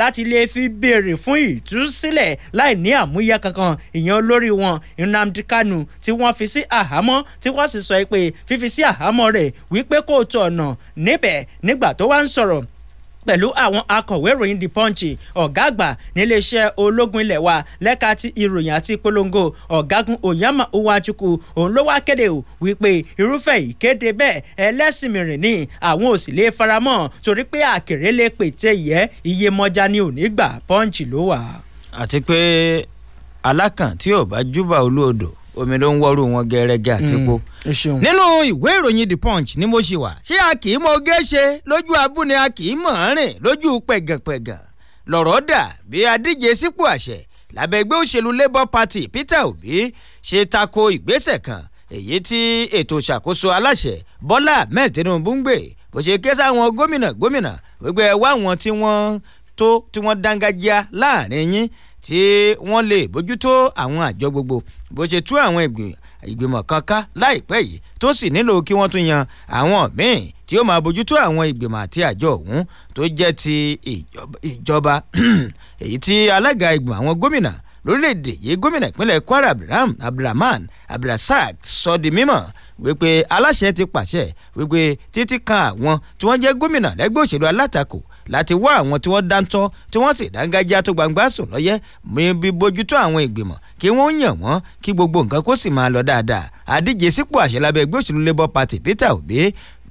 láti lè fi béèrè fún ìtúsílẹ̀ láì ní àmúyẹ kankan ìyẹn olórí wọn nnamdi kanu tí wọ́n fi sí àhámọ́ tí wọ́n sì sọ pé fífi sí àhámọ́ rẹ̀ wípé kò tọ̀nà níbẹ̀ nígbà tó wá ń sọ̀rọ̀ pẹ̀lú àwọn akọ̀wé ìròyìn the punch ọ̀gá àgbà níléeṣẹ́ ológun ilẹ̀ wa lẹ́ka ti ìròyìn àti ìpolongo ọ̀gágun onyama uwachukwu òun ló wá kéde o wípé irúfẹ́ ìkéde bẹ́ẹ̀ ẹlẹ́sìn mìíràn ni àwọn ò sì lè faramọ́ torí pé àkèrè lè pète ìyẹ́ iye mọ́já ni òní gbà punch ló wà. àti pé alákàn tí ò bá júbà olú omi ló ń wọ́rù wọn gẹ́rẹ́gẹ́ àtìpó. Mm, nínú ìwé ìròyìn the punch ni mo ṣì wà ṣé a kì í mọ ogé ṣe lójú abúni a kì í mọ̀ ọ́n rìn lójú pẹ̀gànpẹ̀gàn lọ̀rọ̀ dà bí adíje sípò àṣẹ lábẹ́ òṣèlú labour party peter obi ṣe tako ìgbésẹ̀ kan èyí tí ètò ìṣàkóso aláṣẹ bọ́lá ahmed tinubu ń gbé bó ṣe ké sáwọn gómìnà gómìnà wípé ẹ wá àwọn tí wọ́n tó tí wọ́n dángájíá láàrin yín tí wọ́n lè bójútó àwọn àjọ gbogbo bó ṣe tú àwọn ìgbìmọ̀ kan ká láìpẹ́ yìí tó sì nílò kí wọ́n tún yan àwọn míì tí ó máa bójútó àwọn ìgbìmọ̀ àti àjọ ọ̀hún tó jẹ́ ti ìjọba èyí tí alága ìgbìmọ̀ àwọn gómìnà lórílẹ̀‐èdè yìí gómìnà ìpínlẹ̀ Kwara Abdulrahman Abdulrasaq sọ di mímọ̀ wípé aláṣẹ ti pàṣẹ wípé títí kan àwọn tí wọ́n jẹ́ gómìnà lẹ́gbẹ́ òṣèlú alátakò láti wá àwọn tí wọ́n dáńtọ́ tí wọ́n sì dángájá tó gbangba sùn lọ́yẹ́ bí bójútó àwọn ìgbìmọ̀ kí wọ́n yàn wọ́n kí gbogbo nǹkan kó sì máa lọ dáadáa àdíje sípò àṣẹ lábẹ́ ẹgbẹ́ òṣèlú labour party peter obi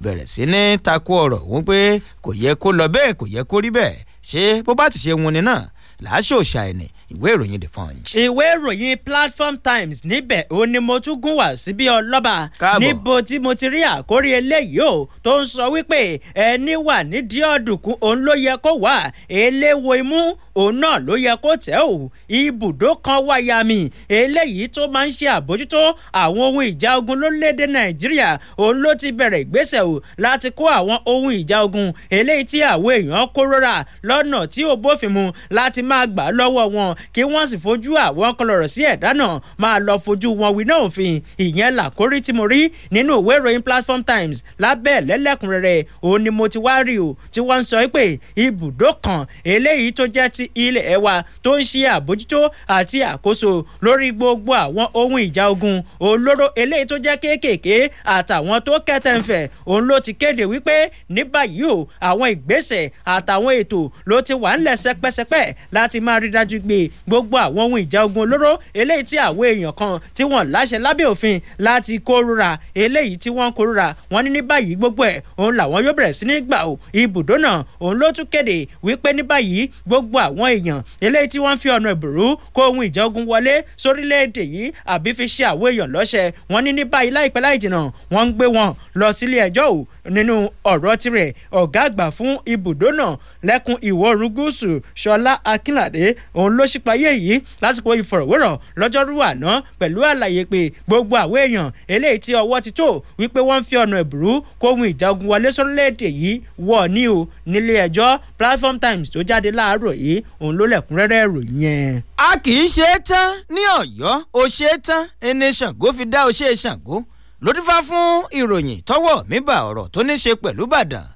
bẹ̀rẹ̀ sí ní takò ọ̀rọ̀ òun pé kò yẹ kó lọ bẹ́ẹ̀ kò yẹ kó rí bẹ́ẹ̀ ṣé bó bá ti ṣe wun ni náà làásù òṣà ẹ̀nì ìwé ìròyìn the punch. ìwé ìròyìn platform times níbẹ̀ ó ní mo tún gún wá síbí ọlọ́ba níbo tí mo ti rí àkórí eléyìí o tó ń sọ wípé ẹni wà nídìí ọ̀dùnkún òun ló yẹ kó wà eléwo imú òun náà ló yẹ kó tẹ̀ ò ibùdó kan wáyà mi eléyìí tó máa ń ṣe àbójútó àwọn ohun ìjà ogun lórílẹ̀‐èdè nàìjíríà òun ló ti bẹ̀rẹ̀ ìgbésẹ̀ o láti kó àwọn ohun ìjà ogun eléyìí tí àwọn èèyàn kó rọra lọ́nà tí ò bófin mu láti máa gbà lọ́wọ́ wọn kí wọ́n sì fojú àwọn kọlọ̀rọ̀ sí ẹ̀dá náà máa lọ fojú wọn wí náà òfin ìyẹn làkórí tí mo rí nínú ìwé ìròyìn platform times lábẹ́ lẹ́lẹ́kùnrẹ́rẹ́ òun ni mo ti wá rí o tí wọ́n ń sọ pé ibùdó kan eléyìí tó jẹ́ ti ilẹ̀ ẹ̀ wa tó ń ṣe àbójútó àti àkóso lórí gbogbo àwọn ohun ìjà ogun olóró eléyìí tó jẹ́ kéékèèké àtàwọn tó kẹtẹ̀ǹfẹ̀ òun ló ti kéde wípé ní báyìí o àwọn ìgbésẹ̀ àtàwọn ètò ló ti wà ńlẹ̀ sẹpẹ́sẹpẹ́ láti máa rí dájú gbé gbogbo àwọn ohun ìjà ogun olóró eléyìí tí àwọn èèyàn kan tí wọ́n láṣẹ lábẹ́ òfin láti kórura eléyìí tí wọ́n kórura wọ́n ní ní báyìí gbogbo ẹ̀ òun làwọn yóò bẹ̀rẹ̀ sí ní gbà ó ibùdó náà òun ló tún kéde wípé ní báyìí gbogbo àwọn èèyàn eléyìí tí wọ́n fi ọ̀nà ìbùrú kó ohun ìjà ogun wọlé sórílẹ̀ yìí àbí fi ṣe àwọn èèyàn lọ́ṣẹ̀ wọ́n ní ní báyìí láìpẹ́ láì jìnnà wọ́n ń gbé wọn lọ sílé ẹjọ́ ò nínú ọ̀rọ̀ tirẹ̀ ọ̀gá àgbà fún ibùdó náà lẹ́kùn ìwọ̀ gúúsù ṣọlá akínládé òun ló ṣ ṣípayé yìí lásìkò ìfọ̀rọ̀wérọ̀ lọ́jọ́rú àná pẹ̀lú àlàyé pé gbogbo àwọn èèyàn eléyìí tí ọwọ́ ti tó wípé wọ́n ń fi ọ̀nà ẹ̀bùrú kóhun ìjà ogun wọlé sórílẹ̀-èdè yìí wọ̀ ní o nílé ẹjọ́ Platform Times tó jáde láàárọ̀ yìí òun ló lẹ̀kúnrẹ́rẹ́ ìròyìn yẹn. a kì í ṣe é tán ní Ọ̀yọ́ ó ṣe é tán ẹni Ṣàngó fi dá ó ṣe é Ṣàngó ló dífá fún ìròyìn tọ́wọ́ mi bá ọ̀rọ̀ tó ní ṣe pẹ̀lú Ìbàdàn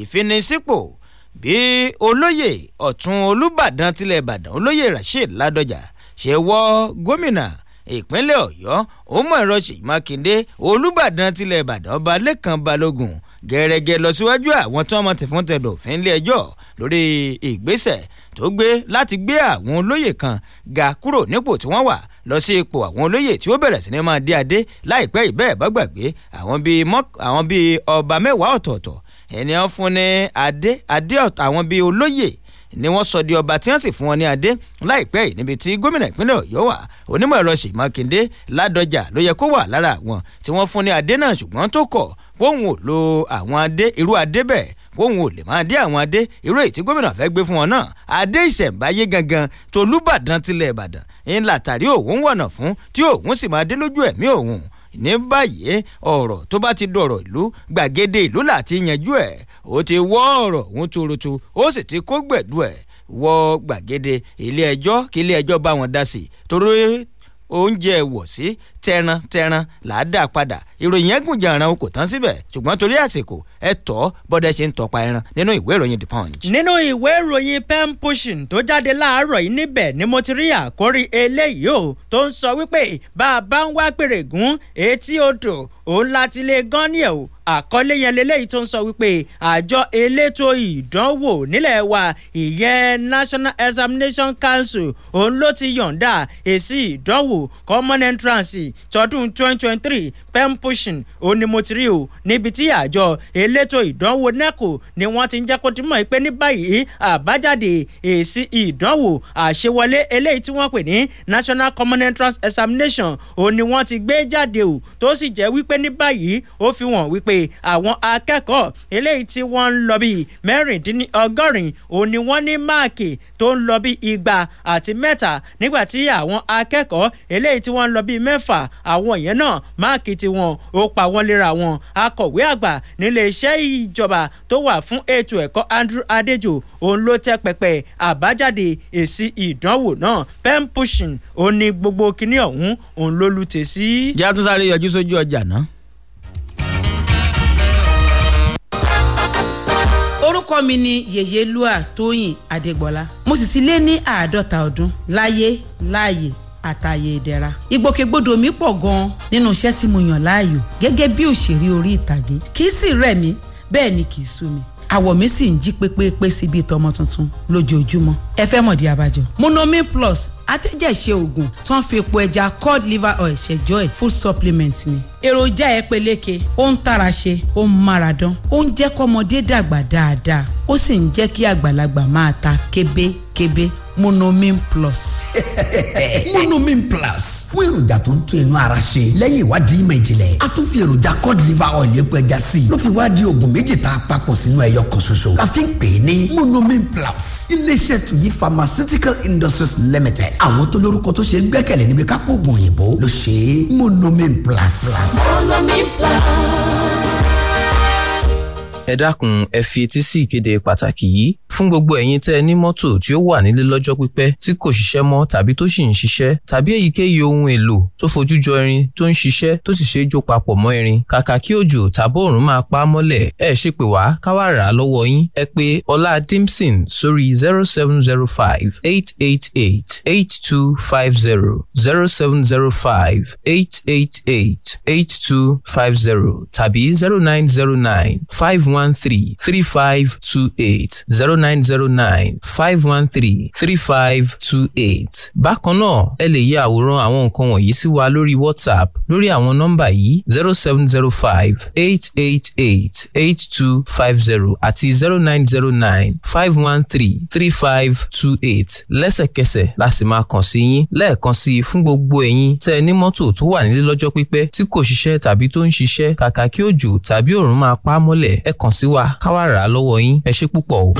ìfinisípò bí olóyè ọ̀tún olùbàdàn tilẹ̀ ìbàdàn olóyè rasheed ládọjà ṣe wọ́ gómìnà ìpínlẹ̀ ọ̀yọ́ òmùẹ̀rọ ṣèyí mákindé olùbàdàn tilẹ̀ ìbàdàn ọba lẹ́kàn balógun gẹ́rẹ́gẹ́ lọ síwájú àwọn tí wọ́n mọ̀ tẹ̀fọ́n tẹ̀dọ̀ òfin ilé ẹjọ́ lórí ìgbésẹ̀ tó gbé láti gbé àwọn olóyè kan ga kúrò nípò tí wọ́n wà lọ sí ipò àwọn olóyè tí ó bẹ̀rẹ̀ sí ni máa dé adé láìpẹ́ ìbẹ́ẹ̀ bá gbàgbé àwọn bíi ọba mẹ́wàá ọ̀tọ̀ọ̀tọ̀ ẹni wọn fún ní adé adé àwọn bíi olóyè ni wọ́n sọ di ọba tí wọ́n sì fún wọn ní adé láìpẹ́ yìí níbi tí gómìnà ìpínlẹ̀ ọ̀yọ́ wà onímọ̀ ẹ̀rọ ṣèyí mákindé ládọjà ló yẹ kó wà lára wọn tí wọ́n fún ní adé náà ṣùgbọ́n tó kọ̀ póun ò lo àwọn adé irú adé bẹ́ẹ̀ póun ò lè máa dé àwọn adé irú èyí tí gómìnà fẹ́ gbé fún wọn náà adé ìṣẹ̀ǹbáyé gangan tolúbàdàn tilẹ̀ ìbàdàn ńlá tàrí òun wọ̀nà fún tí òun sì máa dé lójú ẹ̀mí òun ní báyìí ọ̀rọ̀ tó bá ti dọ̀rọ̀ ìlú gbàgede ìlú láti yanjú ẹ̀ ó ti wọ́ ọ̀rọ̀ òun tuurutu ó sì ti kó gbẹ̀dú ẹ̀ wọ gbàgede ilé ẹjọ́ kí ilé ẹjọ́ bá wọn dá sí torí oúnjẹ ẹ̀wọ̀ sí tẹran tẹran làádà padà ìròyìn yẹn gùn jàǹràn o kò tán síbẹ̀ ṣùgbọ́n torí àsìkò ẹ tọ́ bọ́dẹ ṣe ń tọpa ẹran nínú ìwé ìròyìn the punch. nínú ìwé ìròyìn pen pushing tó jáde láàárọ̀ yìí níbẹ̀ ni mo ti rí àkórí eléyìí o tó ń sọ wípé bá a bá ń wá pèrègún etí odò òun láti lè gan ni ẹ̀ o àkọlé yẹn leléyìí tó ń sọ wípé àjọ elétò ìdánwò nílẹ̀ wa ìyẹn National Examination Council òun ló ti yọ̀ǹda èsì ìdánwò common entrance tọdún 2023 pen pushing òun ni mo ti rí o níbi tí àjọ elétò ìdánwò NECO ni wọ́n ti ń jẹ́ kó ti mọ̀ pé ní báyìí àbájáde èsì ìdánwò àṣewọlé eléyìí tí wọ́n pè ní National Common Entrance Examination òun ni wọ́n ti gbé jáde o tó sì jẹ́ wípé wípé ní báyìí ó fi hàn wípé àwọn akẹ́kọ̀ọ́ eléyìí tí wọ́n ń lọ bíi mẹ́rìndínlọ́gọ́rin òun ni wọ́n ní máàkì tó ń lọ bíi igba àti mẹ́ta nígbà tí àwọn akẹ́kọ̀ọ́ eléyìí tí wọ́n ń lọ bíi mẹ́fà àwọn yẹn náà máàkì tiwọn ó pa wọ́n léra wọn akọ̀wé àgbà nílé iṣẹ́ ìjọba tó wà fún ètò ẹ̀kọ́ Andrew Adejo òun ló tẹ́ pẹpẹ àbájáde èsì ìdánwò náà pen pushing òun ni gbogbo kinní ọ̀hún òun ló lùtẹ̀ sí. jẹ́ àtúnṣe àríyànjú sójú ọjà náà. orúkọ mi ni yèyélúà tóyìn adégbọlá mo sì ti lé ní àádọ́ta ọdún láyé láàyè àtàyè ìdẹ̀ra ìgbòkègbodò mi pọ̀ gan-an nínú iṣẹ́ tí mo yàn láàyò gẹ́gẹ́ bí òṣèré orí ìtàgé kì í sì rẹ̀ mí bẹ́ẹ̀ ni kì í sú mi àwọ̀ mi sì ń jí pépépé síbi ìtọ́mọ tuntun lójoojúmọ́ ẹ fẹ́ mọ̀dí abájọ. monomin plus atẹ́jẹ̀ṣe oògùn tó ń fi epo ẹja cod liver oil ṣẹjọ́ ẹ̀ full supplement ni. èròjà ẹ peléke ó ń tara ṣe ó ń mára dán ó ń jẹ́ kọ́mọdé dàgbà dáadáa ó sì ń jẹ́ kí àgbàlagbà máa ta kébékébé monomin plus. monomin plus fún èròjà tó ń tún inú ara ṣe lẹ́yìn ìwádìí ìmọ̀ ìjìnlẹ̀ a tún fi èròjà cod liver oil epo ẹja sí i ló fi wá di oògùn méjì tá a papọ̀ sínú ẹyọ kan ṣoṣo la fi ń pè é ní monomin plus iléeṣẹ́ tuyi pharmaceutical industries limited àwọn tó lórúkọ tó ṣe ń gbẹ́kẹ̀lé níbi kápò oògùn òyìnbó ló ṣe é monomin plus. monomin plus ẹ dákun ẹ fi etí sí ìkéde pàtàkì yìí fún gbogbo ẹ̀yin tẹ́ ẹ ní mọ́tò tí ó wà nílé lọ́jọ́ pípẹ́ tí kò ṣiṣẹ́ mọ́ tàbí tó sì ń ṣiṣẹ́ tàbí èyíkéyìí ohun èlò tó fojú jọ irin tó ń ṣiṣẹ́ tó sì ṣe é jó papọ̀ mọ́ irin kàkà kí òjò tàbí máa pa á mọ́lẹ̀ ẹ ṣe pé wá ká rà á lọ́wọ́ yín ẹ pè ọlá dimson sórí zero seven zero five eight eight eight eight two five zero zero seven zero five eight eight eight eight two five zero tàbí zero nine zero nine five 513 3528 0909 513 3528. Bákan náà, ẹ lè ya àwòrán àwọn nǹkan wọ̀nyí sí wa lórí WhatsApp lórí àwọn nọ́mbà yìí 0705 888 8250 àti 0909 513 3528. Lẹ́sẹ̀kẹsẹ̀ la sì máa kàn sí yín lẹ́ẹ̀kan sí i fún gbogbo ẹ̀yin tẹ́ ẹ ní mọ́tò tó wà nílé lọ́jọ́ pípẹ́ tí kò ṣiṣẹ́ tàbí tó ń ṣiṣẹ́ kàkà kí òjò tàbí òòrùn máa pa á mọ́lẹ̀ ẹ kàn sí wa ká wá rà á lọ́wọ́ yín ẹ ṣé púpọ̀ o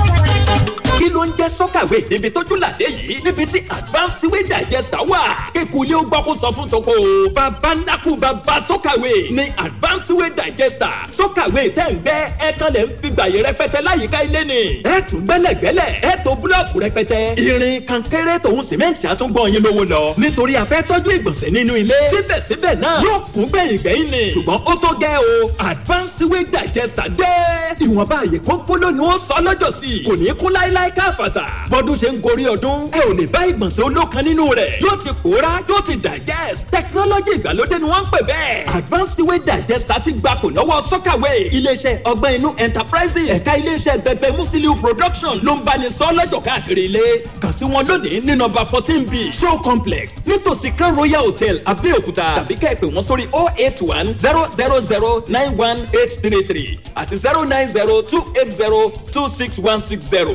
kí ló ń jẹ́ sọ́kàwé níbi tójú làdé yìí níbi tí advanced sewage digester wà kékulé ó gbọ́ kó sọ fún toko baba ńlákú baba sọ́kàwé ní advance way digester sọ́kàwé tẹ̀ ń gbẹ́ ẹ kan lẹ̀ ń fi gbàyè rẹpẹtẹ láyìíká ilé ni ẹ tún gbẹ́lẹ̀gbẹ́lẹ̀ ẹ tó búlọ̀kù rẹpẹtẹ irin kankéré tòun sìmẹ́ǹtì àtúngbọ̀n yín lówó lọ nítorí a fẹ́ tọ́jú ìgbọ̀nsẹ̀ nínú ilé síbẹ̀síbẹ̀ náà yóò kún gbẹ̀yìn gbẹ̀yìn ni ṣùgbọ́n ó tó gẹ́ o advanced sewage digester dé ìwọ̀nba àyè kókó lónìí ó sọ lọ́jọ́ sí kò ní kún láéláé káfàtà bọ́dún ṣe ń gorí ọdún ẹ ò lè bá ìgbọ̀nsẹ̀ olókan nínú rẹ̀ yóò ti pòórá yóò ti digest technology ìgbàlódé ni wọ́n ń pè bẹ́ẹ̀ advanced way digester ti gbapò lọ́wọ́ sọ́kàwé iléeṣẹ́ ọgbọ́n inú enterprises ẹ̀ka iléeṣẹ́ bẹ̀bẹ̀ musiliu production ló ń báni sọ lọ́jọ́ káàkiri ilé kàn sí wọn lónìí ní nọ́mbà fourteen b show complex nítòsí crown royal hotel abẹ́òkúta tàbí kẹ́ ẹ pè wọ́n sórí oh eight one zero zero zero nine one eight three three àti zero nine zero two eight zero two six one six zero.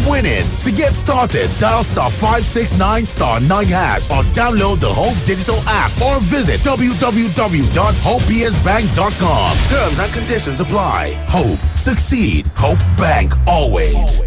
winning. To get started, dial star 569 star 9 hash or download the Hope Digital app or visit www.hopeisbank.com. Terms and conditions apply. Hope, succeed, Hope Bank always.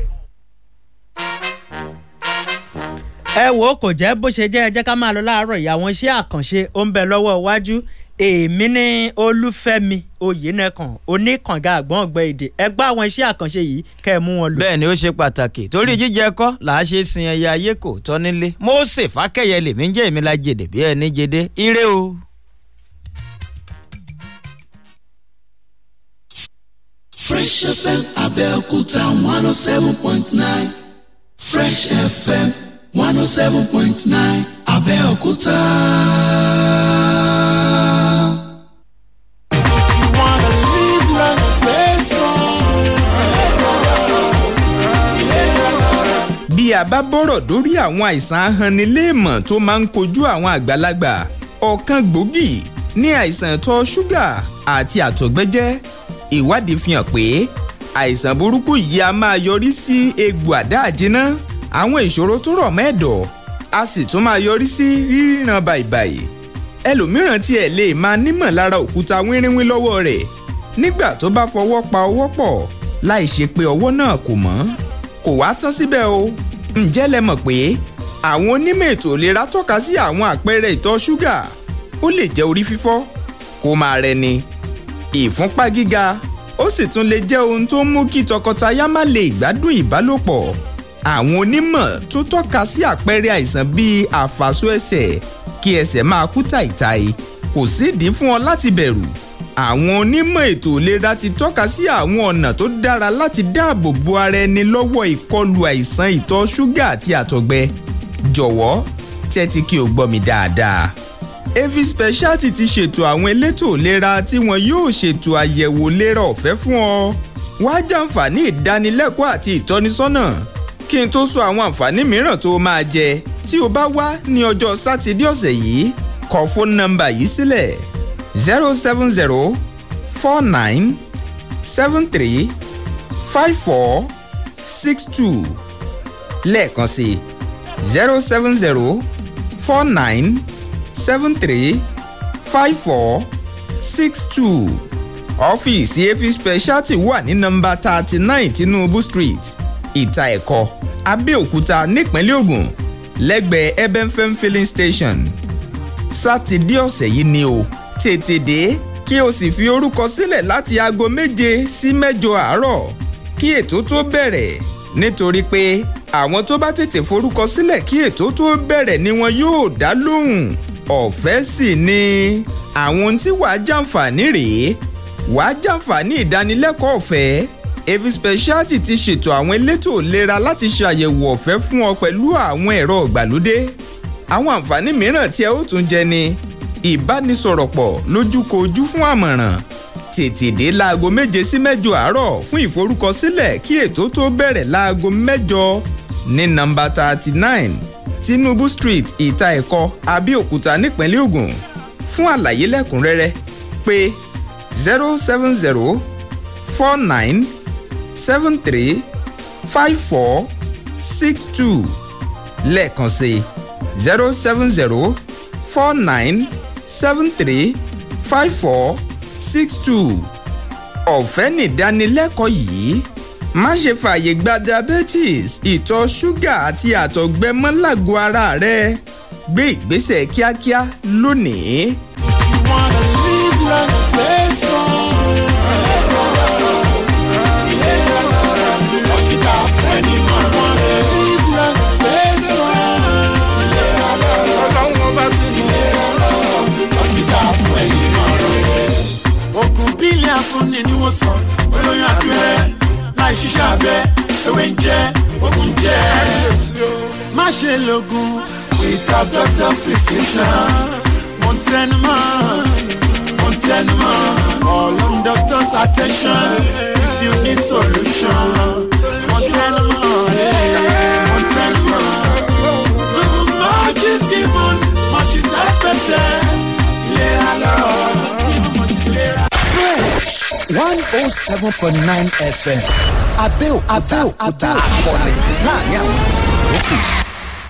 ẹ wo kò jẹ́ bó ṣe jẹ́ ẹ jẹ́ ká máa lọ láàárọ̀ ìyá àkànṣe ó ń bẹ lọ́wọ́ iwájú èmi ní olúfẹ́mi oyinẹ̀kan oníkànga àgbọ̀n ọ̀gbẹ́ èdè ẹgbẹ́ àwọn iṣẹ́ àkànṣe yìí kẹ́ ẹ mú wọn lò. bẹ́ẹ̀ ó ṣe pàtàkì torí hmm. jíjẹ kọ́ là ṣe sin ẹyẹ ayé kò tọ́ nílé Mósè Fákẹ́yẹ lèmi ń jẹ́ èmi la jèdè bí ẹni jèdè ire o. Fresh FM Abẹ́òkúta one oh seven point nine Fresh FM one oh seven point nine Abẹ́òkúta. bí a bá bọ̀rọ̀ dórí àwọn àìsàn ahaniléèmọ̀ tó máa ń kojú àwọn àgbàlagbà ọ̀kan gbòógì ní àìsàn ìtọ̀ ṣúgà àti àtọ̀gbẹ́jẹ́ ìwádìí fi hàn pé àìsàn burúkú yìí a máa yọrí sí egbò àdá àjínà àwọn ìṣòro tó rọ̀ mẹ́ẹ̀dọ̀ a sì tún máa yọrí sí ríran bàìbàì ẹlòmíràn tiẹ̀ lè máa nímọ̀ lára òkúta wínrínwín lọ́wọ́ rẹ̀ nígbà tó bá fọwọ́ pa ọwọ́ pọ̀ láì ṣe pé ọwọ́ náà kò mọ́ kò wá tán síbẹ̀ o ǹjẹ́ lẹ mọ̀ pé àwọn onímọ̀ ètò ìlera tọ́ka sí àwọn àpẹẹrẹ ìtọ̀ ṣúgà ó lè jẹ́ orí fífọ́ kó máa rẹni ìfúnpá gíga ó sì tún lè jẹ́ ohun tó ń mú kí tọkọtaya má lè gbádùn ìbálòpọ̀ àwọn onímọ̀ tó tọ́ka sí àpẹẹrẹ àìsàn bíi àfàsó ẹsẹ̀ kí ẹsẹ̀ máa kú tàìtàì kò sídìí fún ọ láti bẹ̀rù àwọn onímọ̀ ètò ìlera ti tọ́ka sí àwọn ọ̀nà tó dára láti dáàbò bo ara ẹni lọ́wọ́ ìkọlù àìsàn ìtọ̀ ṣúgà àti àtọ̀gbẹ jọ̀wọ́ tẹ́tí kí o gbọ́ mi dáadáa. Avis Speciality ti ṣètò àwọn elétò ìlera tí wọn yóò ṣètò àyẹ̀wò ìlera ọ̀fẹ́ fún ọ. wàá jàǹfààní ìdánilẹ́kọ̀ọ́ àti ìtọ́nisọ́nà kí n tó sọ àwọn àǹfààní mìíràn tó máa jẹ tí o bá wá ní ọjọ́ sátidé ọ̀sẹ̀ yìí kọ fóònù nọ́mbà yìí sílẹ̀ zero seven zero four nine seven three five four six two lẹ́ẹ̀kan sí zero seven zero four nine seven three five four six two ọ́fíìsì ap speciality wà ní nọ́mbà thirty nine Tinubu Street ìta ẹ̀kọ́ Abẹ́òkúta nípínlẹ̀ Ògùn lẹ́gbẹ̀ẹ́ Ebenfem filling station sátidé ọ̀sẹ̀ yìí ni o tètè dé kí o sì fi orúkọ sílẹ̀ láti aago méje sí mẹ́jọ àárọ̀ kí ètò tó bẹ̀rẹ̀ nítorí pé àwọn tó bá tètè forúkọ sílẹ̀ kí ètò tó bẹ̀rẹ̀ ni wọn yóò dá lóhùn ọ̀fẹ́ sì ni àwọn ohun tí wàá jàǹfààní rèé wàá jàǹfààní ìdánilẹ́kọ̀ọ́ ọ̀fẹ́ Evi Speciality ti ṣètò àwọn elétò ìlera láti ṣàyẹ̀wò ọ̀fẹ́ fún ọ pẹ̀lú àwọn ẹ̀rọ ìgbàlódé àwọn àǹfààní mìíràn tí ẹ ó tún jẹ ni ìbánisọ̀rọ̀ pọ̀ lójúkojú fún àmọ̀ràn tètè dé láago méje sí mẹ́jọ àárọ̀ fún ìforúkọsílẹ̀ kí ètò tó bẹ̀rẹ̀ láago mẹ́jọ ní nọ́mbà thirty nine Tinubu Street ìta ẹ̀kọ́ Abẹ́òkúta nípínlẹ̀ Ògùn fún àlàyé lẹ́kùnrẹ́rẹ́ pé zero seven zero four nine seven three five four six two lẹ́ẹ̀kan sí zero seven zero four nine seven three five four six two ọ̀fẹ́ nìdánilẹ́kọ̀ọ́ yìí má ṣe fààyè gba diabetes ìtọ̀ ṣúgà àti àtọ̀gbẹ mọ́ lágọ̀ọ́ ara rẹ gbé ìgbésẹ̀ kíákíá lónìí. fún ni níwòsàn olóyún abẹ́rẹ́ láì ṣiṣẹ́ abẹ́ ewé ń jẹ́ ogun jẹ́. má ṣe lògùn without doctor's prescription mo ń tẹnu mọ́ mo ń tẹnu mọ́ call on doctor's attention if you need solution mo ń tẹnu mọ́. one oh seven point nine fm abẹ́òkúta òkúta akọni láàrin àwọn ìlú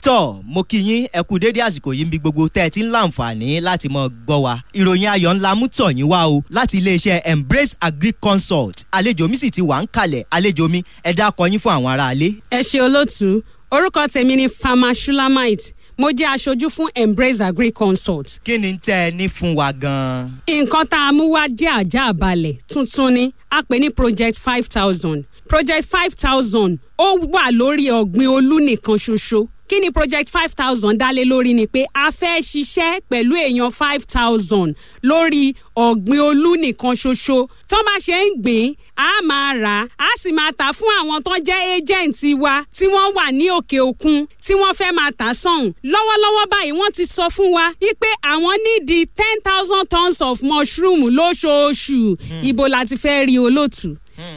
tọ́ mo kí yín ẹ kú dédé àsìkò yìí níbi gbogbo tẹ́ ẹ ti ń láǹfààní láti mọ gbọ́ wa ìròyìn ayọ̀ ńlá mú tọ̀ yín wá o láti iléeṣẹ́ embrace agri consult àlejò mi sì ti wà ń kalẹ̀ àlejò mi ẹ dákọ yín fún àwọn aráalé. ẹ ṣe olóòtú orúkọ tèmi ni farmer shulamite mo jẹ́ aṣojú fún embrace agri consult. kí ni tẹ́ ẹ ní fún wa gan-an. nǹkan tá a mú wá jẹ́ àjà àbálẹ̀ tuntun ni a pè ní project five thousand project five thousand ó wà lórí ọ̀gbìn olú nìkan ṣoṣo kí ni project five thousand dá lé lórí ni pé a fẹ́ ṣiṣẹ́ pẹ̀lú èèyàn five thousand lórí ọ̀gbìn olú nìkan ṣoṣo tó bá ṣe ń gbìn á máa rà á sì máa tà fún àwọn tó jẹ́ agent wa tí wọ́n wà ní òkè òkun tí wọ́n fẹ́ máa tà sọ̀hún lọ́wọ́lọ́wọ́ báyìí wọ́n ti sọ fún wa wípé àwọn nídìí ten thousand tons of mushroom lóṣooṣù hmm. ibo la ti fẹ́ rí olóòtú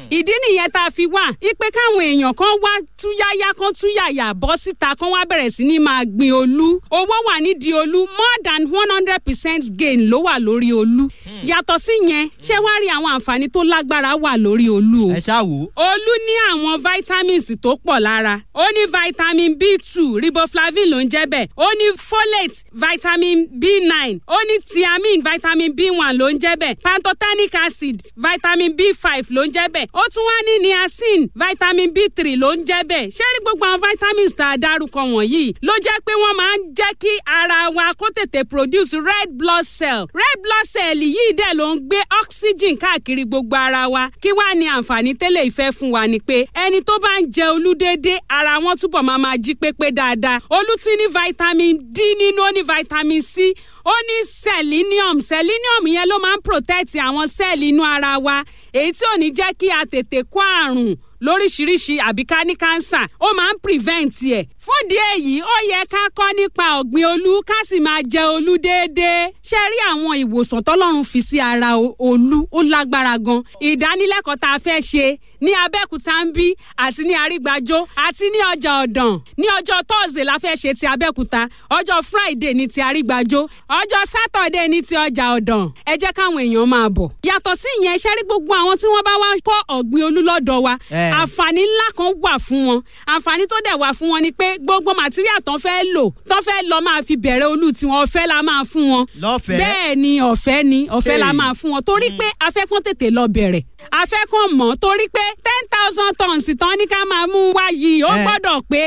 ìdí nìyẹn tá a fi wà ipe káwọn èèyàn kan wá túyáyá kan túyàyà bọ́ síta kan wá bẹ̀rẹ̀ sí ní máa gbin olú owó wà nídìí olú more than one hundred percent gain ló wà lórí olú yàtọ̀ sí yẹn ṣé wàá rí àwọn àǹfààní tó lágbára wà lórí olú o. ẹ ṣáà wò. olú ní àwọn vitamins tó pọ̀ lára ó ní vitamin b two riboflavin ló ń jẹ́ bẹ́ẹ̀ ó ní folate vitamin b nine ó ní thiamine vitamin b one ló ń jẹ́ bẹ́ẹ̀ pantotanic acid vitamin b five ló ń jẹ́ jẹ́ bẹ́ẹ̀ ó tún wá ní niacin vitamin b three ló ń jẹ́ bẹ́ẹ̀ ṣé rí gbogbo àwọn vitamins tá a dárúkọ wọ̀nyí ló jẹ́ pé wọ́n máa ń jẹ́ kí ara wa kó tètè produce red blood cell red blood cell yìí dẹ̀ ló ń gbé oxygen káàkiri gbogbo ara wa kí wá ní àǹfààní tẹ́lẹ̀ ìfẹ́ fún wa ni pé ẹni tó bá ń jẹ olúdéédé ara wọn túbọ̀ máa máa jí pépé dáadáa olú ti ní vitamin d nínú ó ní vitamin c ó ní selenium selenium yẹn ló máa ń protect àwọn sẹ́ẹ̀lì inú ara wa èyí tí ò ní jẹ́ kí a tètè kó àrùn lóríṣiríṣi àbí ká ní kánsà ó máa ń prevent ẹ̀ fúndìí èyí ó yẹ ká kọ́ nípa ọ̀gbìn olú ká sì máa jẹ olú déédéé ṣe rí àwọn ìwòsàn tọ́lọ́run fi sí ara olú ó lágbára gan ìdánilẹ́kọ̀ọ́ tá a fẹ́ ṣe ní abẹ́òkúta ń bí àti ní àrígbájó àti ní ọjà ọ̀dàn ní ọjọ́ thursday la fẹ́ ṣe ti abẹ́òkúta ọjọ́ friday ni ti àrígbájó ọjọ́ saturday ni ti ọjà ọ̀dàn ẹ jẹ́ káwọn èèyàn máa bọ̀ yàtọ̀ sí ìyẹn ṣe rí gbogbo àwọn tí wọ́n bá wá kọ́ ọ̀gbìn olú lọ́dọ̀ wa àǹfààní ńlá kan wà fún wọn àǹfààní tó dẹ̀ wà fún wọn ni pé gbogbo material tán fẹ́ lò tán fẹ́ lọ máa fi bẹ̀rẹ̀ olú tiwọn ọ̀fẹ́ la máa fún wọn. lọ́fẹ̀ẹ́ bẹ́ẹ̀ ni ọ̀fẹ́ ni ọ̀fẹ́ la máa fún wọn torí pé mm. afẹ́kàn tètè lọ bẹ̀rẹ̀ afẹ́kàn mọ̀ torí pé ten thousand tons tán ní ká máa mú wáyé ó eh. gbọ́dọ̀ pé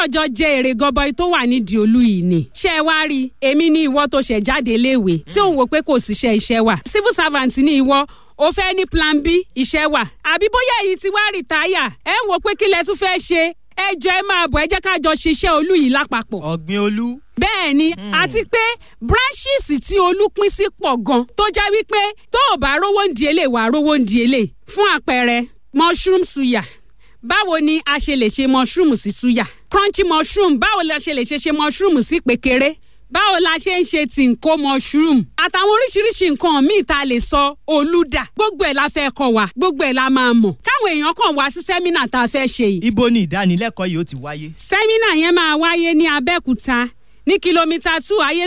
a jọ jẹ èrè gọbọi tó wà nídìí olú yìí ni. ṣé ẹ wá rí èmi ní ìwọ tó ṣẹ̀ jáde léèwé tí òun wò pé kò síṣẹ́ iṣẹ́ wà civil servant ní ìwọ o fẹ́ ní plan b iṣẹ́ wà àbí bóyá èyí ti wá rìtáyà ẹ̀ ń wò pé kí tún fẹ́ ṣe ẹ jọ ẹ máa bọ̀ ẹ jẹ́ ká jọ ṣiṣẹ́ olú yìí lápapọ̀. ọ̀gbìn olú. bẹ́ẹ̀ ni hmm. àti pé branches tí olú pín sí pọ̀ gan tó jẹ́ wípé tó ò bá rówó ń di èlé wàá rówó ń di èlé fún àpẹẹrẹ mushroom suya báwo ni a ṣe lè ṣe mushroom sí suya crunchy mushroom báwo la ṣe lè ṣe ṣe mushroom sí pékeré báwo la ṣe ń ṣe tí nǹkó mushroom àtàwọn oríṣiríṣi nǹkan míì tá a lè sọ olúdà gbogbo ẹ̀ la fẹ́ kọ́ wa gbogbo ẹ̀ la máa mọ̀ káwọn èèyàn kàn wá sí sẹ́mínà tá a fẹ́ ṣe yìí. ibo ni ìdánilẹ́kọ̀ọ́ yìí ó ti wáyé. sẹ́mínà yẹn máa wáyé ní Abẹ́òkúta ní kìlómítà two ayé